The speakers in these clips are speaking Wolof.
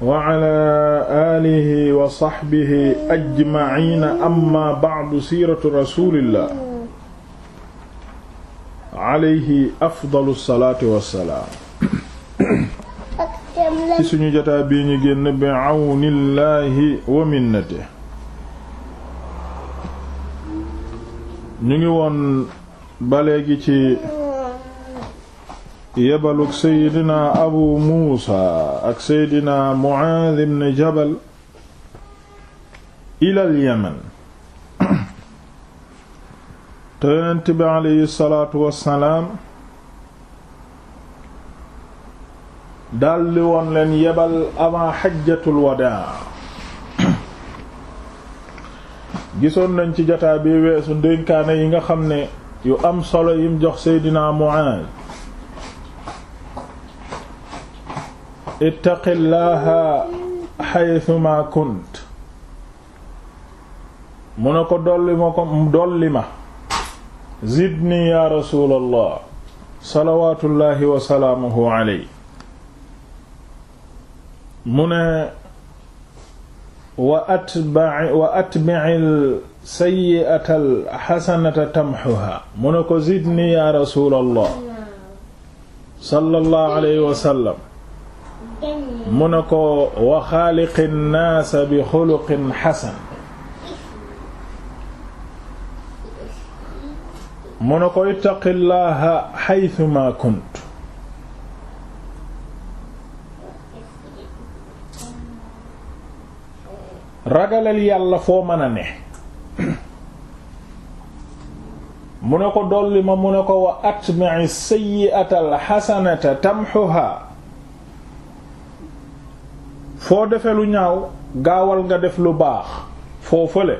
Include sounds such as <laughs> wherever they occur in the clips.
wa ala aalihi wa saxbihi ajmaciina amma bacdu siiratu rasulillah alayhi afdalu salaatu wa ci suñu jotaa bii ñu génn bi awnillahi wa minnatihi. ñu ngi woon ba léegi ci. yebalug seydina abu muusa ak seydina muaaz ibn jabal ilal yemen <coughs> te yonent bi aleyhi salaatu wassalaam daldi woon leen yebal avant xajjatul wadaa <coughs> gisoon nañ ci jataa bi weesu ndénkaane yi nga xam ne yu am solo yim jox seydina muaaz ittaqillaha xaytuma kunt mu ne ko dolli ma ko dolli ma zidni ya rasulallah salawatullahi wa salaamuhu aley mu ne wa atba'i wa atbi'il sayyi'atal hasanata tamhuha mu ne ko zidni ya rasulallah sallallahu alayhi wa sallam mu ne ko wa xaaliqi nnaasa bi xuluqin xasan mu ne ko ittaqi llaha xaytuma yàlla foo mën ne mu ne ko dolli ma mu ne ko wa atmi'i sayyi'ata alxasanata tamxuha foo defe lu ñaaw gaawal nga def lu baax foo fële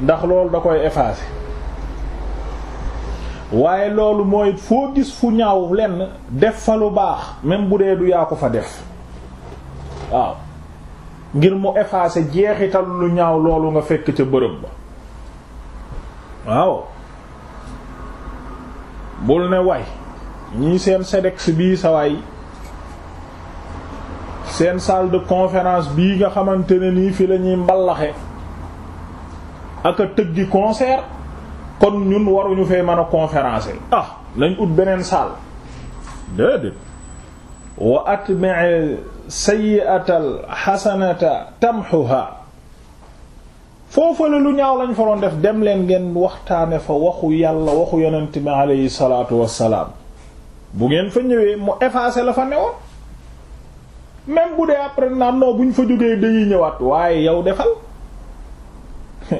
ndax loolu da koy effacer waaye loolu mooy foo gis fu ñaaw lenn def fa lu baax même bu dee du yaa ko fa def waaw ngir mu effacer jeexital lu ñaaw loolu nga fekk ca bërëb ba waaw bul ne way ñii seen sedex bii sa waay seen salle de conférence bii nga xamante ne nii fi la ñuy mballaxe a tëggi concert kon ñun waruñu fee mën a conférencer ah lañ ut beneen salle déedéet wa atmi'i sayyi'atal hasanata tamhuha foofu la lu ñaaw lañ fa doon def dem leen ngeen waxtaane fa waxu yàlla waxu yonent bi alayhi salaatu wassalaam bu ngeen fa ñëwee mu effacer la fa newoon même bu dee après naan bu ñu fa jógee dañuy ñëwaat waaye yow defal <laughs>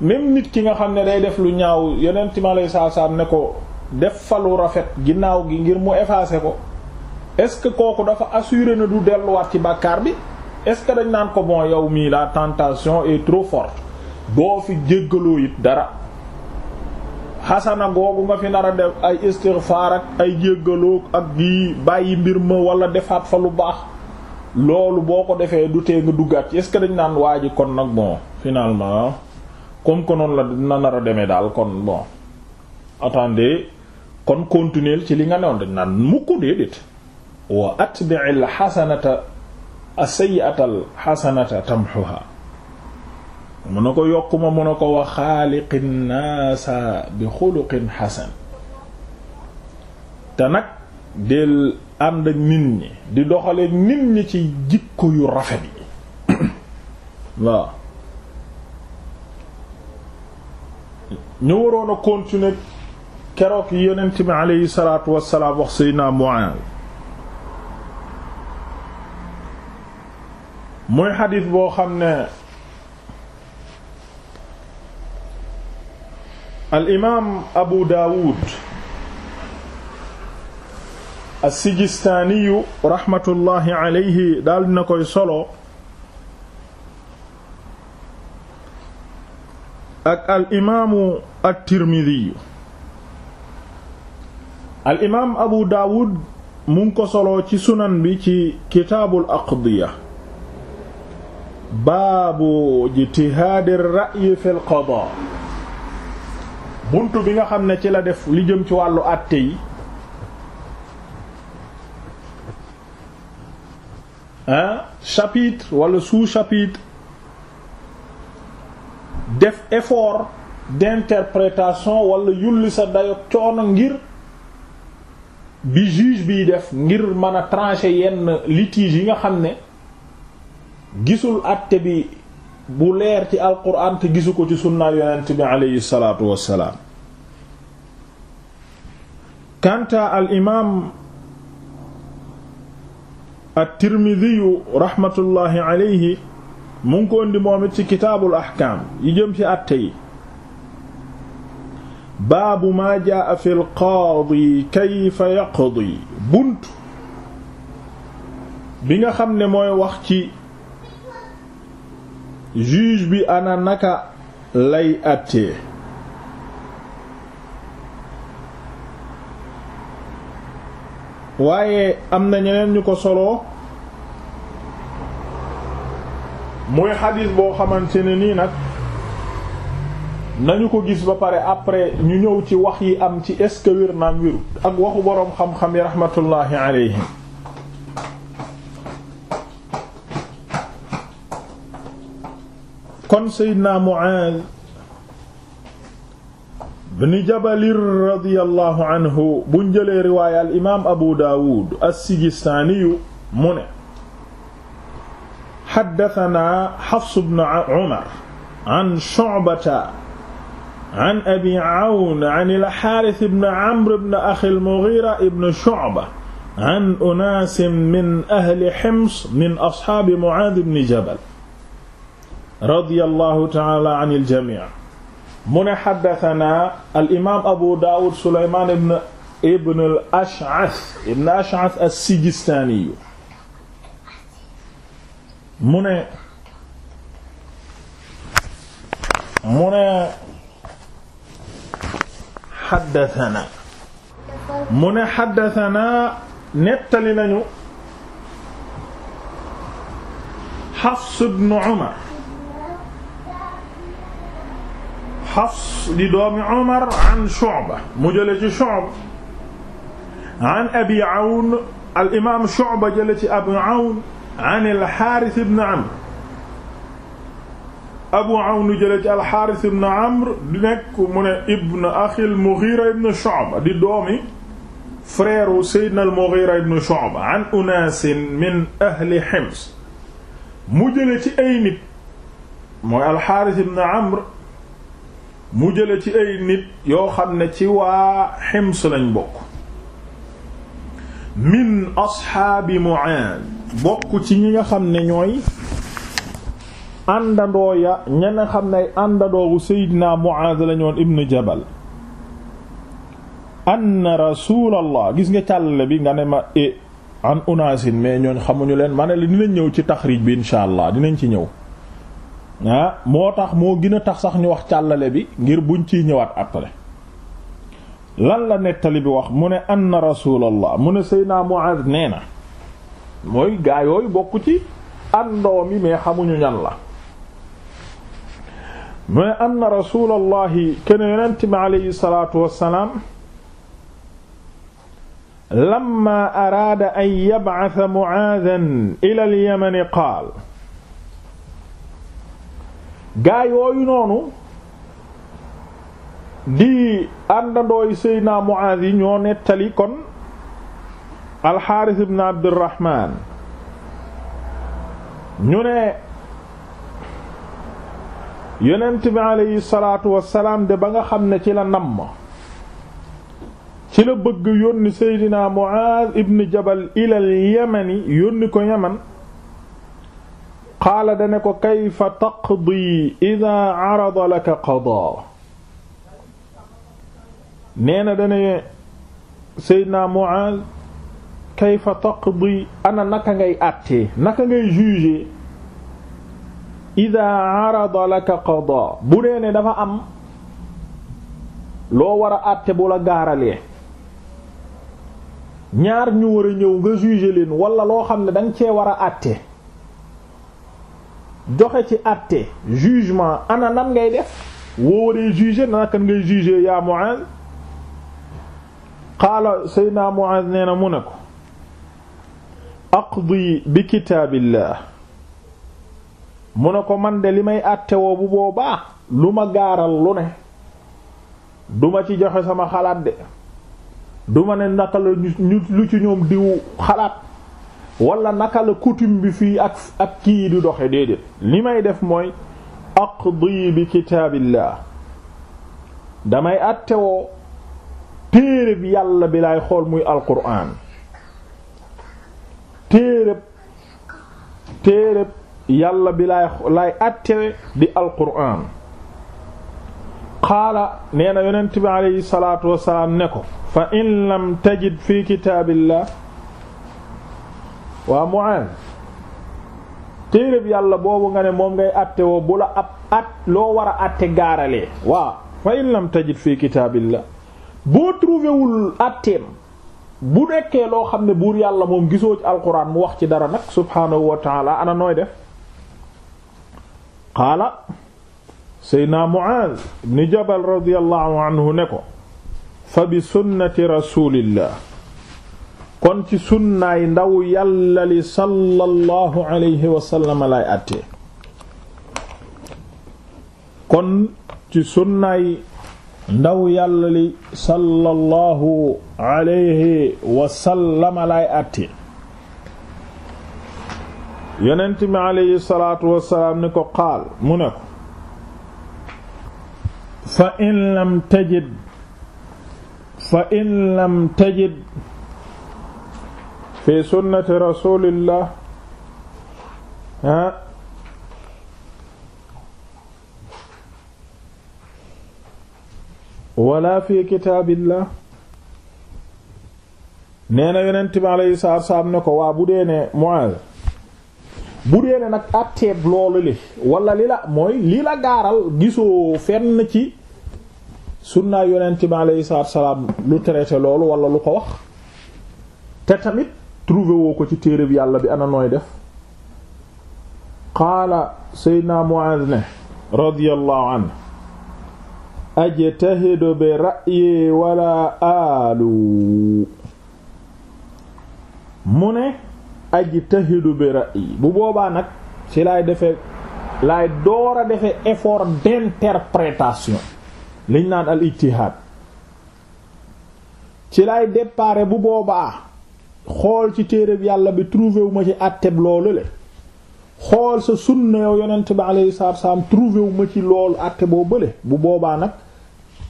même nit ki nga xam ne day def lu ñaaw yeneen mi alayhi salaam ne ko def falu rafet ginnaaw gi ngir mu effacer ko est-ce que kooku dafa assuré na du delluwaat ci bàkkaar bi est-ce que dañ naan ko bon yow mii la tentation et trop forte boo fi jéggaloo it dara xasana googu nga fi nar a def ay istighfar ak ay jéggaloo ak gi bàyyi mbir ma wala defaat fa lu baax loolu boo ko defee du tee nga duggaat ci est-ce que dañ naan waa kon nag bon finalement comme que la dina nar demee daal kon bon attendez kon continuer ci li nga newoon dañ naan mukk déedéet wa atbi'il xasanata as-sayyi'atal tamxuha mu na ko yokk ma mu ko wa xaaliqin naasa bi xuluqin xasan te nag del ànd ak nit ñi di doxale nit ñi ci jikko yu rafet yi <coughs> waaw ñu waroon a continuer keroog yi yonent bi aleyhi salaatu wassalaam wax Seydina Muaaz muy xadiis boo xam ne al Abu Daawud as-Sijistaaniyu raxmatullaahi alayhi daal dina koy solo ak al imaamu at-Tirmidiyu Abu Daawud mu ko solo ci sunan bi ci kitaabul aqdiya baabu ijtihaadi ra'yi fil qadaa buntu bi nga xam ne ci la def li jëm ci wàllu àtte yi ah chapitre wala sous-chapitre def effort d'interprétation wala yulli sa dayog coono ngir bi juge biy def ngir mëna a yenn litige yi nga xam ne gisul àtte bi bu leer ci alquran te gisu ko ci sunnaa yonent bi aleyhi salaatu wassalaam kanta al imam at-Tirmidhi rahmatullahi alayhi mu ngi ko indi moom it yi jëm ci àtte baabu maa jaa fi al-qaadi yaqdi bunt bi nga xam ne mooy wax ci juge bi ana lay àtte waaye am na ñeneen ñu ko soloo muy xadis boo xamante ne nii nag nañu ko gis ba pare après ñu ñëw ci wax yi am ci est-ce que wér naam wiru ak waxu boroom xam-xam yi rahmatullahi alayhim kon Seydina Muaaz bni jabalir radiyallahu anhu buñ jëlee riwaaya al imaam abu daawud as-sijistaaniyu mu ne xaddatanaa xafs bnu umar an shu'bata an abi awn an al-xaaris bni amr bni axi al-mughira ibn shu'ba an unaasin min ahli hims min ashaabi mu'aad bni jabal radiyallahu ta'aala an al-jamii' mu ne xaddatanaa al imaam abu daawud suleymaan ibn ibn al ash'as ibn ash'as as-sijistaaniyu mu ne mu ne xaddatanaa mu ne xaddatanaa nettali nañu xafs ibn umar Hafs di doomi Umar an Shu'ba mu jële ci Shu'ba an Abi Awn al imaam Shu'ba jële ci Abu Awn an al-Haaris ibn Amr Abu Awn jële ci al-Haaris ibn Amr di nekk mu ne ibn axi al-Mughiira ibn Shu'ba di doomi frère wu Seydina al-Mughiira ibn Shu'ba an unaasin min ahli Hims mu jële ci ay nit mooy al-Haaris ibn Amr mu jële ci ay nit yoo xam ne ci waa Hims lañ bokk min asxaabi Mu'aaz bokk ci ñi nga xam ne ñooy àndandoo ya ña nga xam ne ay àndandoowu Seydina Mu'aaz lañoon ibn Jabal anna rasulallah gis nga càllale bi nga ne ma e an unaasin mais ñooñ xamuñu leen ma ne la dinañ ñëw ci taxriij bi insha allah dinañ ci ñëw Ah, moo tax moo gën a tax sax ñu wax càllale bi ngir buñ ciy ñëwaat après lan la nettali bi wax mu ne anna rasulallah mu ne Seydina Muaz nee na mooy gaa yooyu bokk ci àndoom yi mais xamuñu ñan la mu ne anna rasulallahi ken yonent bi aleyhi salatu wassalaam lamma araada an yab'atha Mu'aadan ila al qaal gaa yooyu noonu di àndandooy Seydina Muaaz yi ñoo nettali kon alxaaris ibn Abdurrahman ñu ne yonent bi aleyhi salaatu wassalaam de ba nga xam ne ci la namm ci la bëgg yónni Seydina Muaaz ibn Jabal ilal yamani yónni ko Yaman qaala dane ko kayfa taqdi ida arada laka qadaa nee na dane Seydina Muaaz kayfa taqdi ana naka ngay àttee naka ngay juger ida arada laka qadaa bu dee ne dafa am loo war a àtte bu la gaaralee ñaar ñu war a ñëw nga juger leen wala loo xam ne danga cee war a àtte joxe ci àtte jugement ana nan ngay def woo waree juger nanakan ngay juger yaa Mu'aaz qaala sayyidina Mu'aaz nee na mu ne ko aqdi bi kitaabillah mu ne ko man de li may àtte woo bu boobaa lu ma gaaral lu ne ma ci joxe sama xalaat de duma ne naka la ñu lu ci ñoom diw xalaat wala naka la coutume bi fii ak ak kii di doxe déedéet li may def mooy aqdi bi kitaabillah damay àttewoo téereb yàlla bi laay xool muy alquran téereb téereb yàlla bi laay laay di alquran qaala nee na yonent bi aleyhi salaatu wasalaam ne ko fa in lam tajid fi kitaabillah waa Mu'aaz téeréb yàlla boobu nga ne moom ngay àtte woo bu la ab at loo war a àtte gaaralee waa fa in lam tajid fii kitaabillah boo trouvé wul àtteem bu nekkee loo xam ne buur yàlla moom gisoo ci alquran mu wax ci dara nag subhaanahu wa taala ana nooy def qaala seydna Mu'aaz ibn Jabal radiyallahu anhu ne ko fa bi sunnati rasulillah kon ci sunnaay ndaw yàlla li sallallahu alayhi wa sallam lay àttee kon ci sunnaay ndaw yàlla sallallahu alayhi wa lay àttee yonent alayhi salaatu wassalaam ni ko qaal mu ko fa in lam tajid fa in lam tajid fi sunnati rasulillah ah wala fi kitaabillah nee na yonent bi alayhi ne ko waa bu dee ne Muaaz bu dee ne nag àtteeb loolu li wala li la mooy li la gaaral gisoo fenn ci sunnaa yonent bi alayhi salaatu salaam lu traité loolu wala lu ko wax te tamit trouvé woo ko ci téereb yàlla bi ana nooy def qaala seydna Mu'aaz ne radiyallahu anhu ajtahidu bi ra'yi wala aalu mu ne ajtahidu bi ra'yi bu boobaa nag ci lay defee lay door a defee effort liñ naan al ijtihaad ci laay déparé bu boobaa xool ci téereb yàlla bi trouvé wu ma ci àtteb loolu le xool sa sunna yow yonent bi alayhi salaatu wassalaam trouvé ci loolu àtte boo bële bu boobaa nag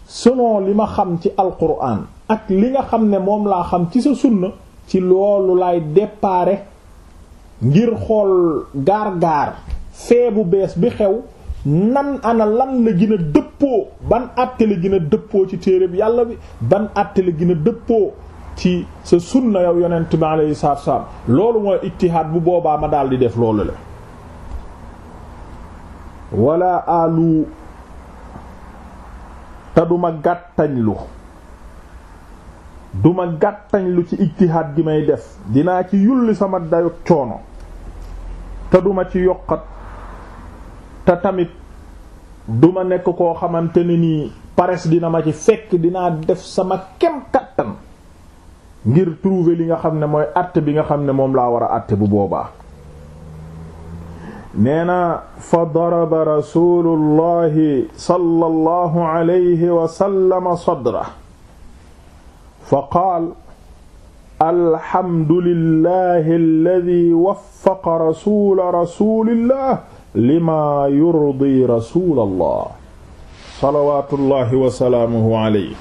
selon li ma xam ci alquran ak li nga xam ne moom laa xam ci sa sunna ci loolu lay deppaare ngir xool gaar-gaar bu bees bi xew nan ana lan la gën a dëppoo ban àtte la gën dëppoo ci téere bi yàlla bi ban àtte la gën dëppoo ci sa sunna yow yonent bi alayhi salaatu salaam loolu mooy ijtihaad bu boobaa ma daal di def loolu la wala alu te duma gàttañlu duma gàttañlu ci ijtihaad gi may def dinaa ci yulli sama dayog coono te duma ci yokkat te tamit duma nekk koo xamante ne nii pares dina ma ci fekk dinaa def sama kem kattan ngir trouver li nga xam ne mooy àtte bi nga xam ne moom laa war a àtte bu boobaa nee na fa daraba rasulullahi sallallahu alayhi wa sallama sadra fa qaal alhamdulillahi alladi waffaqa rasula rasulillah lima yurdi rasulallah salawatullahi wa salaamuhu alayhi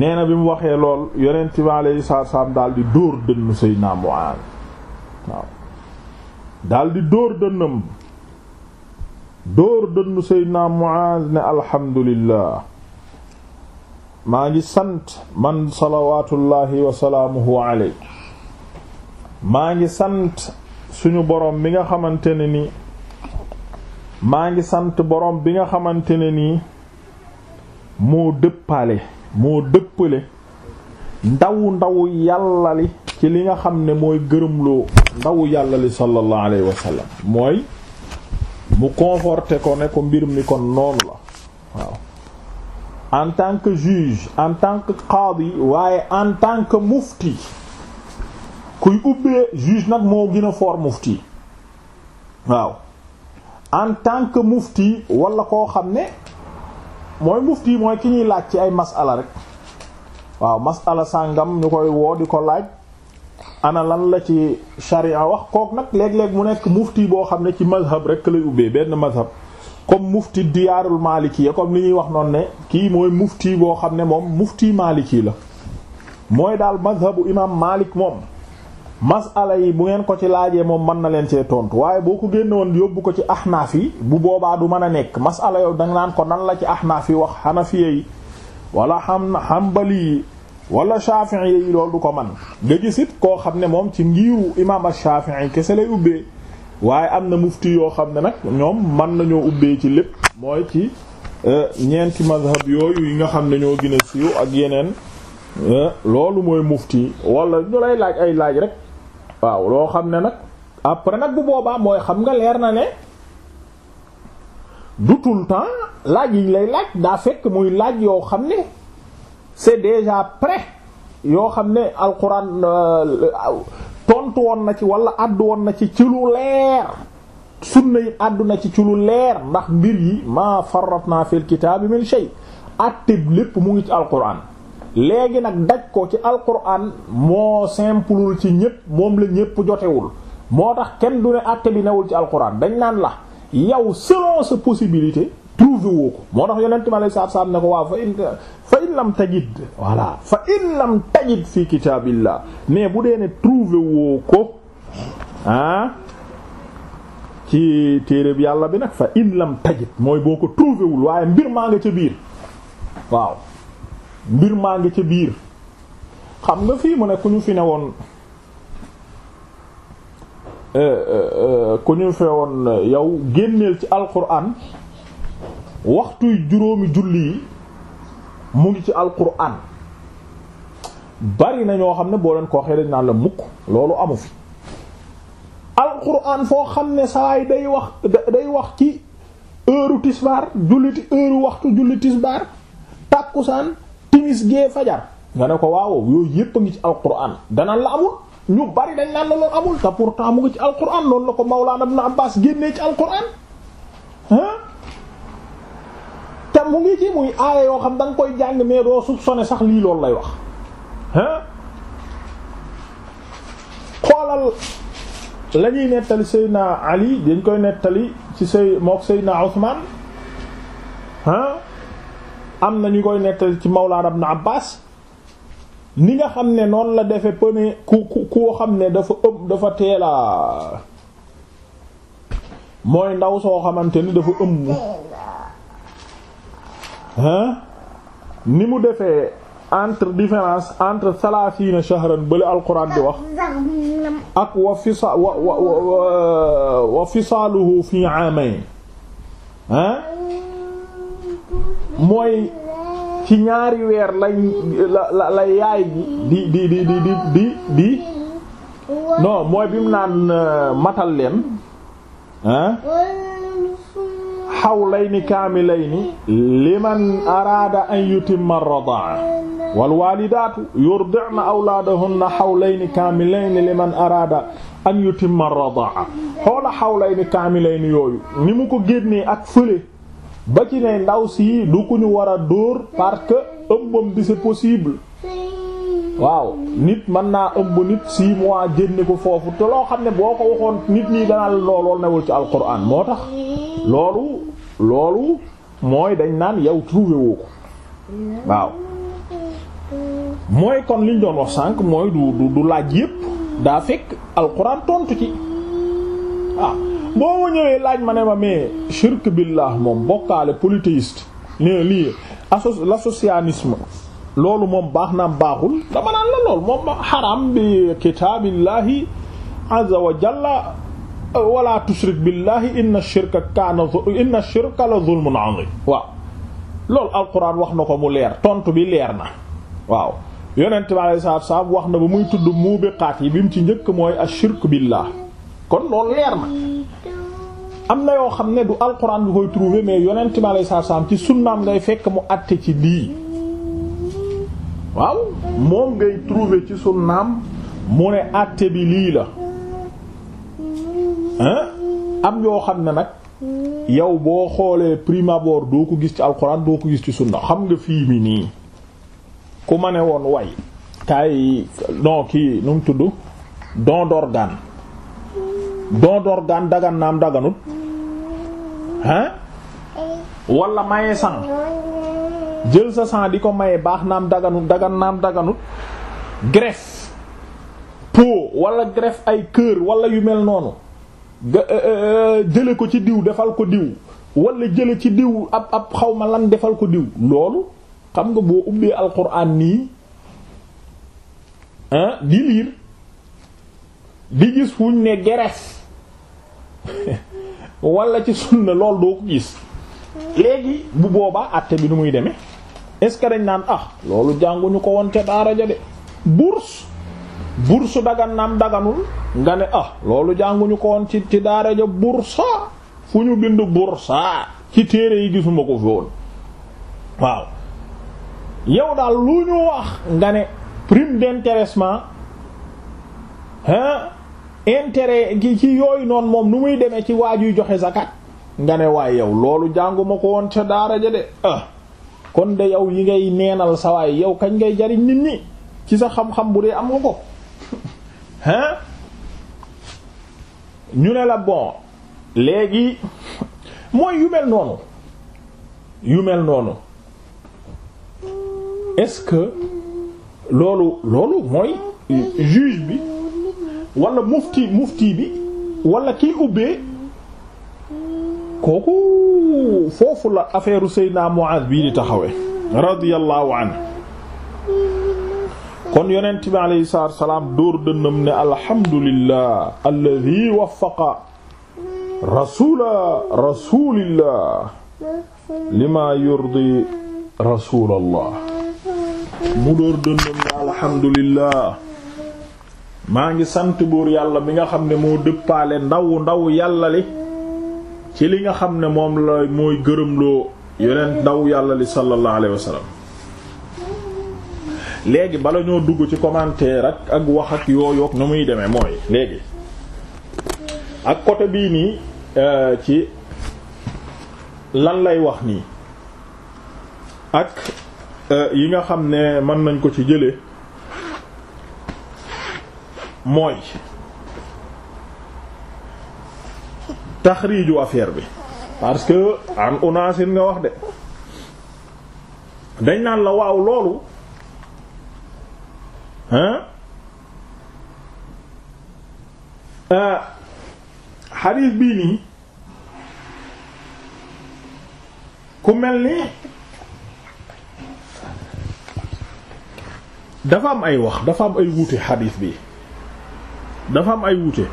neena bi mu waxee lool yonent bi alayhi salaatu salaam daal di dóor dënn Seydina Muaaz waaw daal di dóor dënnam dóor dënn Seydina Muaaz ne maa ngi sant man salawaatullaahi wa salaamuhu alayhi maa ngi sant suñu boroom bi nga xamante ne ni maa ngi sant boroom bi nga xamante ne ni moo dëppale moo dëppale ndaw ndaw yàlla ci li nga xam ne mooy gërëmloo ndaw yàlla li sallallahu alayhi mooy mu conforté ko ne ko mbir mi kon noonu la waaw en tant que juge en tant que qadi waaye en tant que mufti kuy ubbee juge nag moo gën a fort mufti waaw en tant que mufti walla koo xam ne mooy mufti mooy ki ñuy laaj ci ay masala rek waaw masala sàngam ñu koy woo di ko laaj ana lan la ci sharia wax kook nag léeg-léeg mu nekk mufti boo xam ne ci mazhab rek lay ubbee benn mazhab comme mufti diyaarul maliki ya comme li ñuy wax noon ne kii mooy mufti boo xam ne moom mufti maliki la mooy daal mazhabu imam malik moom masala yi bu ngeen ko ci laajee moom mën na leen cee tontu waaye boo ko génnewoon yóbbu ko ci ahnaaf yi bu boobaa du man a nekk masala yow danga naan ko nan la ci ahnaaf yi wax xanafiye yi wala xam xambali yi wala shafi'i yi du ko man nga gisit koo xam ne moom ci ngiiru imam ash-shafi'i kese lay ubbee waaye am na mufti yoo xam ne nag ñoom man nañoo ubbee ci lépp mooy ci euh, ñeenti mazhab yooyu yi nga xam ne ñoo gën a siiw ak yeneen euh, loolu mooy mufti wala ñu lay laaj ay laaj rek waaw loo xam ne nag après nag bu boobaa mooy xam nga leer na ne du le temps laaj yi lay laaj daa fekk muy laaj yoo xam ne c'est déjà près yoo xam ne alxuraan euh, tontu woon na ci wala àddu woon na ci ci lu leer sunna yi àddu na ci ci lu leer ndax mbir yi ma farratna fil kitaabi min shay àtte lépp mu ngi ci alxuraan léegi nag daj ko ci alquran moo simplul ci ñépp moom la ñépp jotewul moo tax kenn du ne àtte bi newul ci alquran dañ naan la yow selon sa possibilité trouvé woo ko moo tax yonent mi alayhi salaatu salaam ne ko waaw fa in fa in lam tajid voilà fa in lam tajid fi kitaabillah mais bu dee ne trouvé woo ko ah ci téere bi yàlla bi nag fa in lam tajid mooy boo ko trouvé wul waaye mbir maa nga ca biir waaw mbir maa ci biir xam nga fi mu ne ku ñu fi ne woon eh, eh, eh, ku ñu fi yow génneel ci alquran waxtuy juróomi julli yi mu ngi ci alquran bari na ñoo xam ne boo leen ko waxee dañ naan la mukk loolu amu fi alquran foo xam ne sawaay day wax day wax ci heure tisbaar julliti heure waxtu julli tisbaar tàkkusaan timis gee fajar nga ne ko waaw yooyu yépp ngi ci alquran danaan la amul ñu bari dañ naan la loolu amul te pourtant mu ngi ci alquran loolu la ko Mawlana Ibn Abbas génnee ci alquran ah te mu ngi ci muy aaya yoo xam da koy jàng mais doo soupçonner sax lii loolu lay wax ah xoolal la nettali Seydina Ali dañ koy nettali ci Sey mook Seydina Ousmane ah am na ñu koy nettali ci Mawlaana Ibn Abbaas ni nga xam ne noonu la defe pëne ku ku koo xam ne dafa ëmb dafa teela mooy ndaw soo xamante ni dafa ëmb hein ni mu defee entre différence entre salaasiina shahran bële alquran di wax ak wa fisa wa wa wa mooy ci ñaari weer lay la la yaay ji di di di di di di non mooy bi mu naan euh, matal leen ah hawlayni kaamilayni liman araada an yutimma ar-radaa wal waalidaatu yurdi'na awlaadahunna hawlayni kaamilayni liman araada an yutimma ar-radaa xoola hawlayni kaamilayni yooyu ni mu ko génnee ak fële ba ci ne ndaw si du ku ñu war a dóor parce que ëmbam bi c'est possible waaw nit mën naa ëmb nit six mois génne ko foofu te loo xam ne boo ko waxoon nit ñi danaa la loolool newul ci alquran moo tax loolu loolu mooy dañ naan yow trouvé woo ko waaw mooy kon liñ doon wax sànq mooy du du laaj yépp daa fekk alquran tontu ci waaw boo ma ñëwee laaj ma ne ma mais shirk billah moom bokkaale polythéiste nee lii asso loolu moom baax naam baaxul dama naan la lool moom xaram bi kitaabillahi azza wa jalla tushrik billahi inna shirka kaana inna shirka la zulmun azim waaw loolu alquran wax na ko mu leer tontu bi leer na waaw yonent bi alayhi salaam wax na ba muy tudd muubiqaat yi bi ci njëkk mooy ashirk billah kon loolu leer na am na yoo xam ne du alquran bi koy trouver mais yonent bi alayhi salaam ci sunnaam ngay fekk mu àtte ci lii waaw moom ngay trouver ci sunnaam mu ne àtte bi lii la am yoo xam ne nag yow boo xoolee prime abord doo ko gis ci alquran doo ko gis ci sunna xam nga fii mi nii ku ma ne woon way kaay non kii nu mu tudd don d'organe don d'organe dagan naam daganut hein wala maye sang jël sa sang di ko maye baax naam daganut dagan naam daganut greffe peau wala greffe ay kër wala yu mel noonu euh, euh, euh, jële ko ci diw defal ko diw walla jële ci diw ab ab xawma lan defal ko diw loolu xam nga boo ubbee alquran nii di liir di gis fuñ ne greffe <laughs> wala ci sunna lool doo ko gis léegi bu boobaa àtte bi nu muy deme est-ce dañ naan ah loolu jànguñu ko woon ca daara ja de bourse bourse dagan naam daganul nga ne ah loolu jànguñu ko woon ci ci daara ja bursa fu ñu bind bursa ci téere yi gisuma ko fi woon waaw yow daal lu ñu wax nga prime d'intéressement hein intérêt gi ci yooyu noonu moom nu muy demee ci waajuy joxe zakat nga ne waaye yow loolu jànguma ko woon ca daara ja de ah kon de yow yi ngay neenal sawaay yow kañ ngay jariñ nit ñi ci sa xam-xam bu dee am nga ko <laughs> hein ñu ne la bon léegi <laughs> mooy yu mel noonu yu mel noonu est-ce que loolu loolu mooy juge bi wala mufti mufti bi wala kiy ubbee kooku foofu la affaire Seydina Muaz bii di taxawee radiyallahu anhu kon yonent bi alayhi salaatu wasalaam dóor dënnam ne alhamdulillah alladhi waffaqa rasula rasulillah lima yurdi rasulallah mu dóor dënnam ne alhamdulillah maa ngi sant buur yàlla bi nga xam ne moo dëppaale ndaw ndaw yàlla li ci li nga xam ne moom la mooy gërëmloo yeneen ndaw yàlla li sallallahu alayhi wa sallam léegi bala ñoo dugg ci commentaire ak ak wax ak yooyu ak nu muy demee mooy léegi ak côté bii nii euh, ci lan lay wax nii ak euh, yi nga xam ne mën nañ ko ci jëlee mooy taxriiju affaire bi parce que an unaasin nga wax de dañ naan la waaw loolu hein euh, xadiis bii nii ku mel ni dafa am ay wax dafa am ay wuute xadiis bi dafa am ay wuute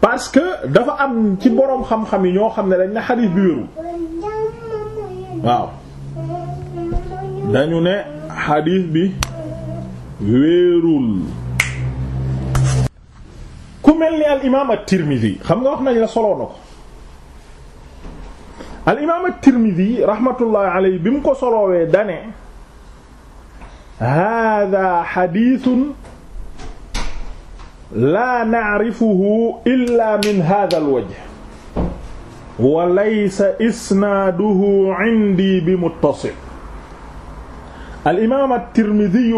parce que dafa am ci boroom xam-xam yi ñoo xam ne dañ ne xadiis bi wérul waaw ne bi ku mel ni al imaam at-Tirmidhi xam nga wax nañ la soloo na ko al imaam at-Tirmidhi rahmatullahi alayhi bi mu ko soloowee dane hada xadiisun laa na'rifuhu illa min hadha alwajh wa laysa isnaaduhu 'indi bi muttasil alimaam at-Tirmidhi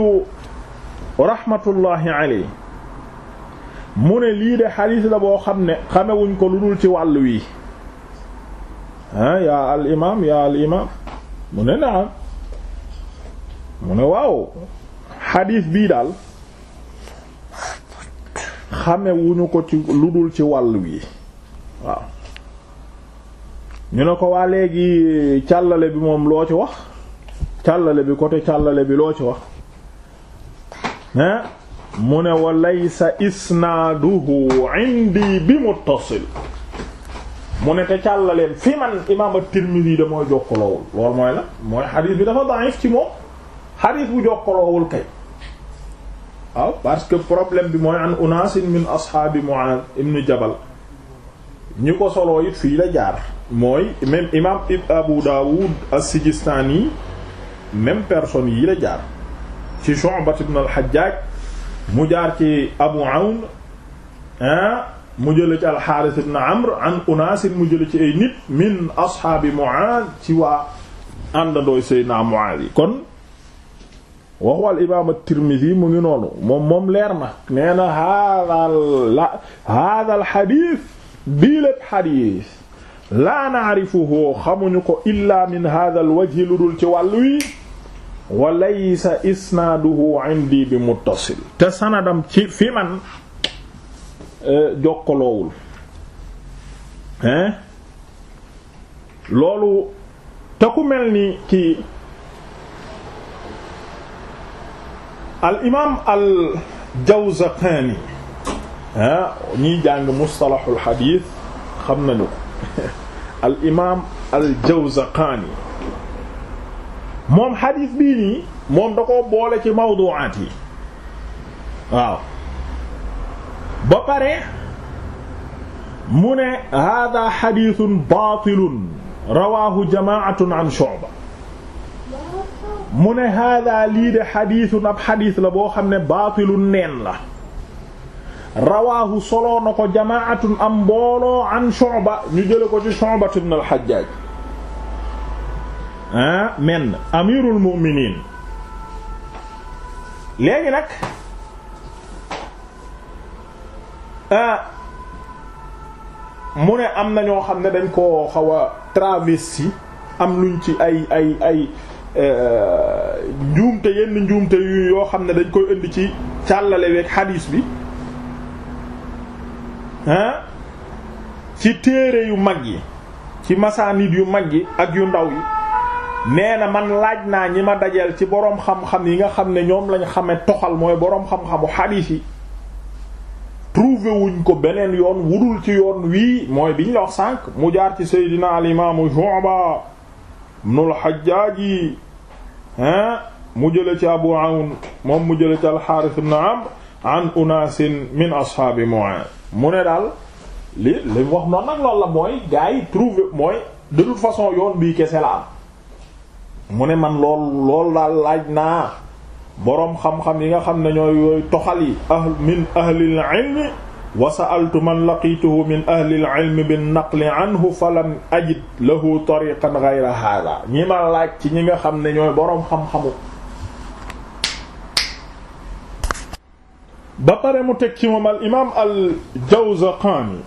mu ne lii de xadiis la boo xam ne xamewuñ ko lu dul ci wàll wi ah bii daal xame wu ñu ko ci lu dul ci wàll wi waaw ñu ne ko waa léegi càllale bi moom loo ci wax càllale bi côté càllale bi loo ci wax mu ne wa laysa isnaaduhu indi bi muttasil mu ne te càllaleen fi man imaam at-Tirmidhi da mooy jokkaloowul loolu mooy la mooy xadiis bi dafa da'if ci moom xadiis bu jokkaloowul kay waaw parce que problème bi mooy an unaasin min ashaabi Mu'aaz ibn Jabal ñi ko soloo it fii la jaar mooy même imam Abu Daawud as-Sijistaani même personne yi la jaar ci Shu'ba ibn al-Hajjaaj mu jaar ci Abu Awn ah mu jële ci al-Haaris ibn Amr an unaasin mu jële ci ay nit min ashaabi Mu'aaz ci waa àndandooy Seydina Mu'aaz yi waxu al imaam at-Tirmidhi mu ngi noonu moom moom leer na nee na haadal la haadal xadiis bii lépp xadiis xamuñu ko illaa min haadal wajhi lu dul ci wàllu yi wa laysa isnaaduhu indi bi muttasil te sanadam ci fi man e, jokkaloowul hein loolu te ku mel ni ki al imaam al Jawzaqaani ah ñiy jàng mustalahul xadiis xam nañu ko <laughs> al imaam al Jawzaqaani moom xadiis bii nii moom da koo boole ci mawduwaat yi waaw ba pare mu ne haadaa xadiisun baatilun rawaahu mu ne hada lii de xadiisun ab xadiis la boo xam ne baatilu neen la rawaahu soloo na ko jamaatun am mbooloo an Shu'ba ñu jële ko ci Shu'ba ibn al-Hajjaj ah men amirul mu'minin léegi nag ah, mu ne am na ñoo xam ne dañ koo xaw a travesti am luñ ci ay ay ay Euh, njuumte yenn njuumte yu yoo xam ne dañ koy indi ci càllale week xadiis bi ah ci téere yu mag yi ci masaanid yu mag yi ak yu ndaw yi nee na man laaj naa ñi ma dajal ci boroom xam-xam yi nga xam ne ñoom lañ xame toxal mooy boroom xam-xamu xadiis yi trouvé wuñ ko beneen yoon wudul ci yoon wii mooy biñ la wax sànq mu jaar ci Seydina al imaamu Shu'ba ibnul Hajjaaj yi mu jële ci Abu moom mu jële ci al-Haaris ibn Amr an unaasin min ashaabi Mu'aaz ne daal li li loolu mooy gars yi trouvé mooy de toute façon kese la am mu ne man lool daal laaj naa boroom xam-xam yi nga xam ne ñooy yooyu toxal yi ah min ahlil ilmi wa sa'altu man laqiituhu min ahli al-ilm bin naqli anhu falam ajid lahu tariqan ghayra hadha ñi ma laaj ci ñi nga xam ne ñooy boroom xam-xamu ba pare mu teg ci moom al imaam al Jawzaqaani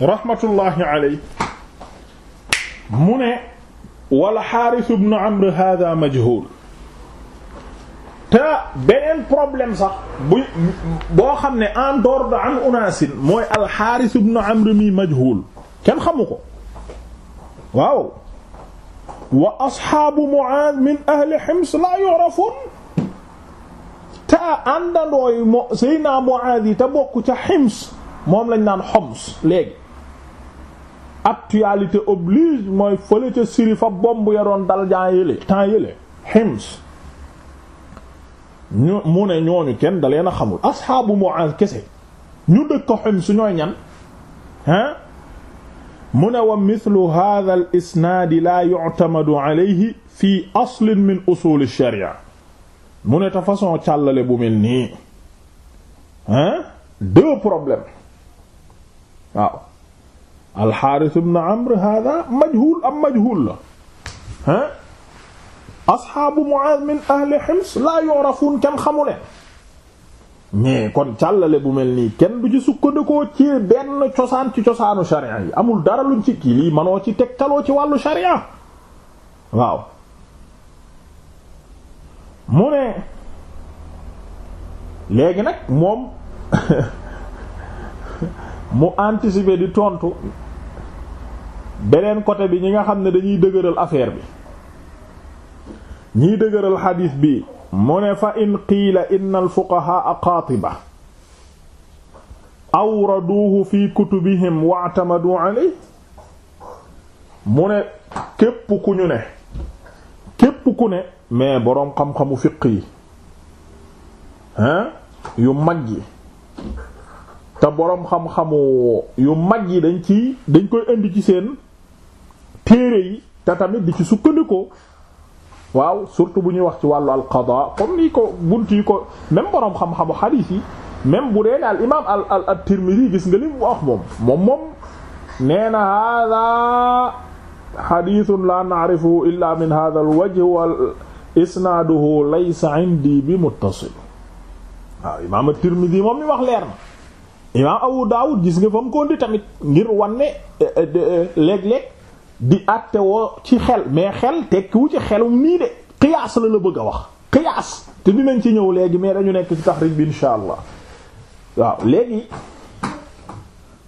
rahmatullahi alayhi mu ne wal Haaris ibn Amr hadha majhul te beneen problème sax bu xam ne en dehors de an unasin mooy alxaaris ibn amr mi kenn xamu ko waaw wa asxaabu muaaz ahli hims la yu'rafun te àndandooyu mo sayna muaaz yi te bokk ca hims moom lañ naan xoms léegi actualité oblige mooy fële ca siri fa bomb ya dal jan yële temps ñu mu ñooñu kenn da leen a xamul asxaabu Muaz kese ñu dëkk xim su ñooy ñan ah mu ne wa mithlu hadha al isnaadi la yu'tamadu alayhi fi aslin min usul ash-sharia mu ne ta façon càllale bu mel nii ah deux problèmes waaw al Harith ibn Amr hadha majhul am majhul la ah asxaabu Muaaz min ahli Hims laa yoo yu'rafuun kenn xamu ne mais kon càllale bu mel nii kenn du ci sukkandikoo ci benn cosaan ci cosaanu sharia yi amul dara luñ ci kii lii manoo ci tegtaloo ci wàllu sharia waaw mu ne léegi nag moom <laughs> mu anticiper di tontu beneen côté bi ñi nga xam ne dañuy dëgëral affaire bi ñiy dëgëral xadiis bi mu ne fa in qiila inna alfuqahaa qaatiba awraduuhu fi kutubihim wa'tamadu alayhi mu ne képp ku ñu ne képp ku ne mais boroom xam-xamu fiq yi hein yu mag yi te boroom xam-xamu yu mag yi dañ ci dañ koy indi ci seen téere yi te tamit di ci sukkandikoo waaw surtout bu ñuy wax ci wàllu al qada comme ni ko bunt yi ko même borom xam-xamu hadith yi même bu dee ne al imaam al al al tirmidhi gis nga li mu wax moom moom moom nee na hada hadithun la na'rifu illa min hadha al wajh wal isnaaduhu laysa indi bi muttasil waaw imaam at-Tirmidhi moom mi wax leer na imaam Abu Dawud gis nga fa mu ko indi tamit ngir wane eh, eh, eh, léeg-léeg di àtte woo ci xel mais xel tekkiwu ci xelum nii de qiyaas la la bëgg a wax qiyaas te dinañ ci ñëw léegi mais dañu nekk ci taxrij bi insha allah waaw léegi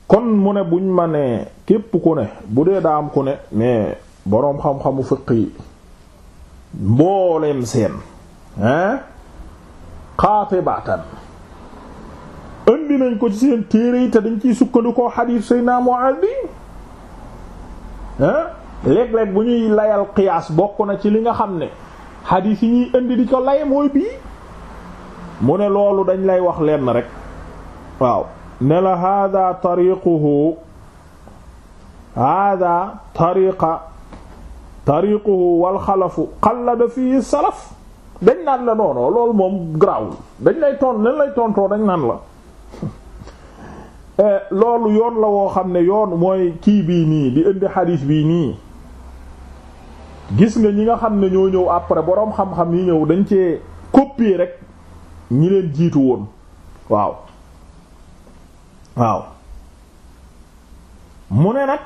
kon mu ne buñ ma ne képp ku ne bu dee daa am ku ne mais boroom xam-xamu fiq yi mbooleem seen hein xaatibatan indi nañ ko ci seen téere yi te dañ ciy sukkandikoo xadiis Seydina Muaaz bi léeg-léeg bu ñuy layal qiyaas bokk na ci li nga xam ne xadiis yi ñuy indi di ko laye mooy bii mu ne loolu dañ lay wax lenn rek waaw ne la hada tariquhu hada tariqa tariquhu wal xalafu xallada fii salaf dañ naan la noonoo loolu moom grawul dañ lay ton leen lay tontoo dañ naan la Eh, loolu yoon la woo xam ne yoon mooy kii bii nii di indi xadiis bii nii gis nga ñi nga xam ne ñoo ñëw après boroom xam-xam yi ñëw dañ cee copier rek ñi leen jiitu woon waaw waaw mu ne nag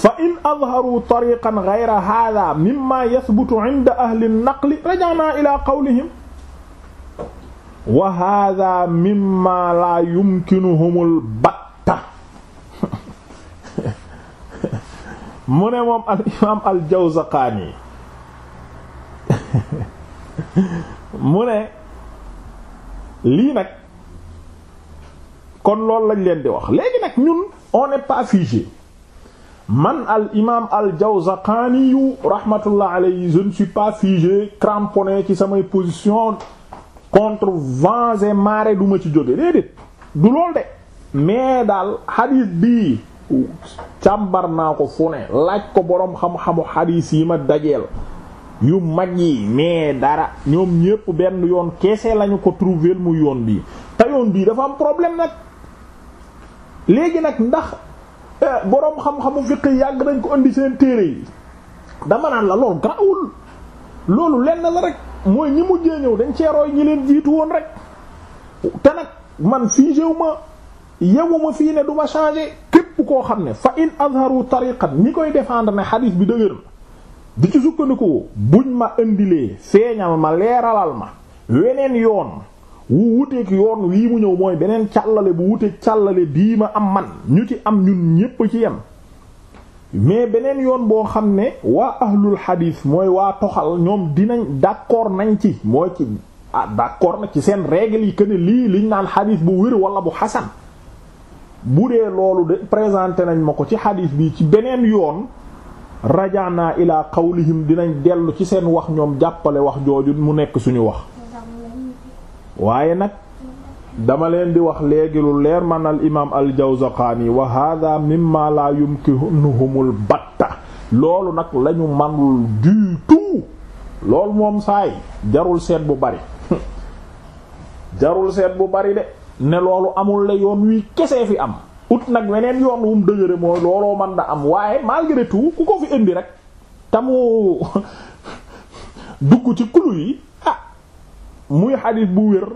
fa in adharu tariqan ghayra hadha mimma yathbutu 'inda ahli an-naqli raja'na ila qawlihim wa hadha mimma la yumkinuhumul batta mu ne moom al imaam al jawzaqaani mu ne lii nag kon loolu lañ leen di wax léegi nag ñun on n'est pas figé man al imaam al jawzaqaani yu rahmatullah alayhi je suis pas figé cramponné ci samay position contre vents et marées ci jóge déedéet du lool de mais daal xadiis bii càmbar naa ko fu laaj ko boroom xam-xamu xadiis yi ma dajeel yu mag yi mais dara ñoom ñépp benn yoon keese lañu ko trouver mu yoon bii te yoon bii dafa am problème nag léegi nag ndax eh, boroom xam-xamu fiq yàgg nañ ko indi seen téere yi dama naan la loolu garawul loolu lenn la rek mooy ñi mujjee ñëw dañ ceerooy ñi leen jiitu woon rek te nag man fii géw ma yewuma fii ne ma changer képp koo xam ne fa in azharu tariqan ñi koy défendre ne xadiis bi dëgër na di ci sukkandiku buñ ma indilee feeñal ma leeralal ma weneen yoon wu wuteeg yoon wii mu ñëw mooy beneen càllale bu wuteeg càllale bii ma am man ñu ci am ñun ñépp ci yem mais beneen yoon boo xam ne waa ahlul hadith mooy waa toxal ñoom dinañ d'accord nañ ci mooy ci ah na ci seen règle yi que ne lii liñ naan hadith bu wër wala bu xasan bu dee loolu de présenté nañ ma ko ci hadith bii ci beneen yoon rajaana ila qawlihim dinañ dellu ci seen wax ñoom jàppale wax jooju mu nekk suñu wax waaye nag dama leen di wax léegi lu leer man al imaam al jawzaqaani wa hadha mimma la yumkinuhumul batta loolu nag lañu manul du lool moom saay jarul seet bu bari <laughs> jarul seet bu bari de ne loolu amul la yoon wi kese fi am ut nag weneen yoon wu mu dëgëre mooy looloo mën na am waaye malgré tout ku ko fi indi rek tamu <laughs> dugg ci kulu yi ah muy xadiis bu wér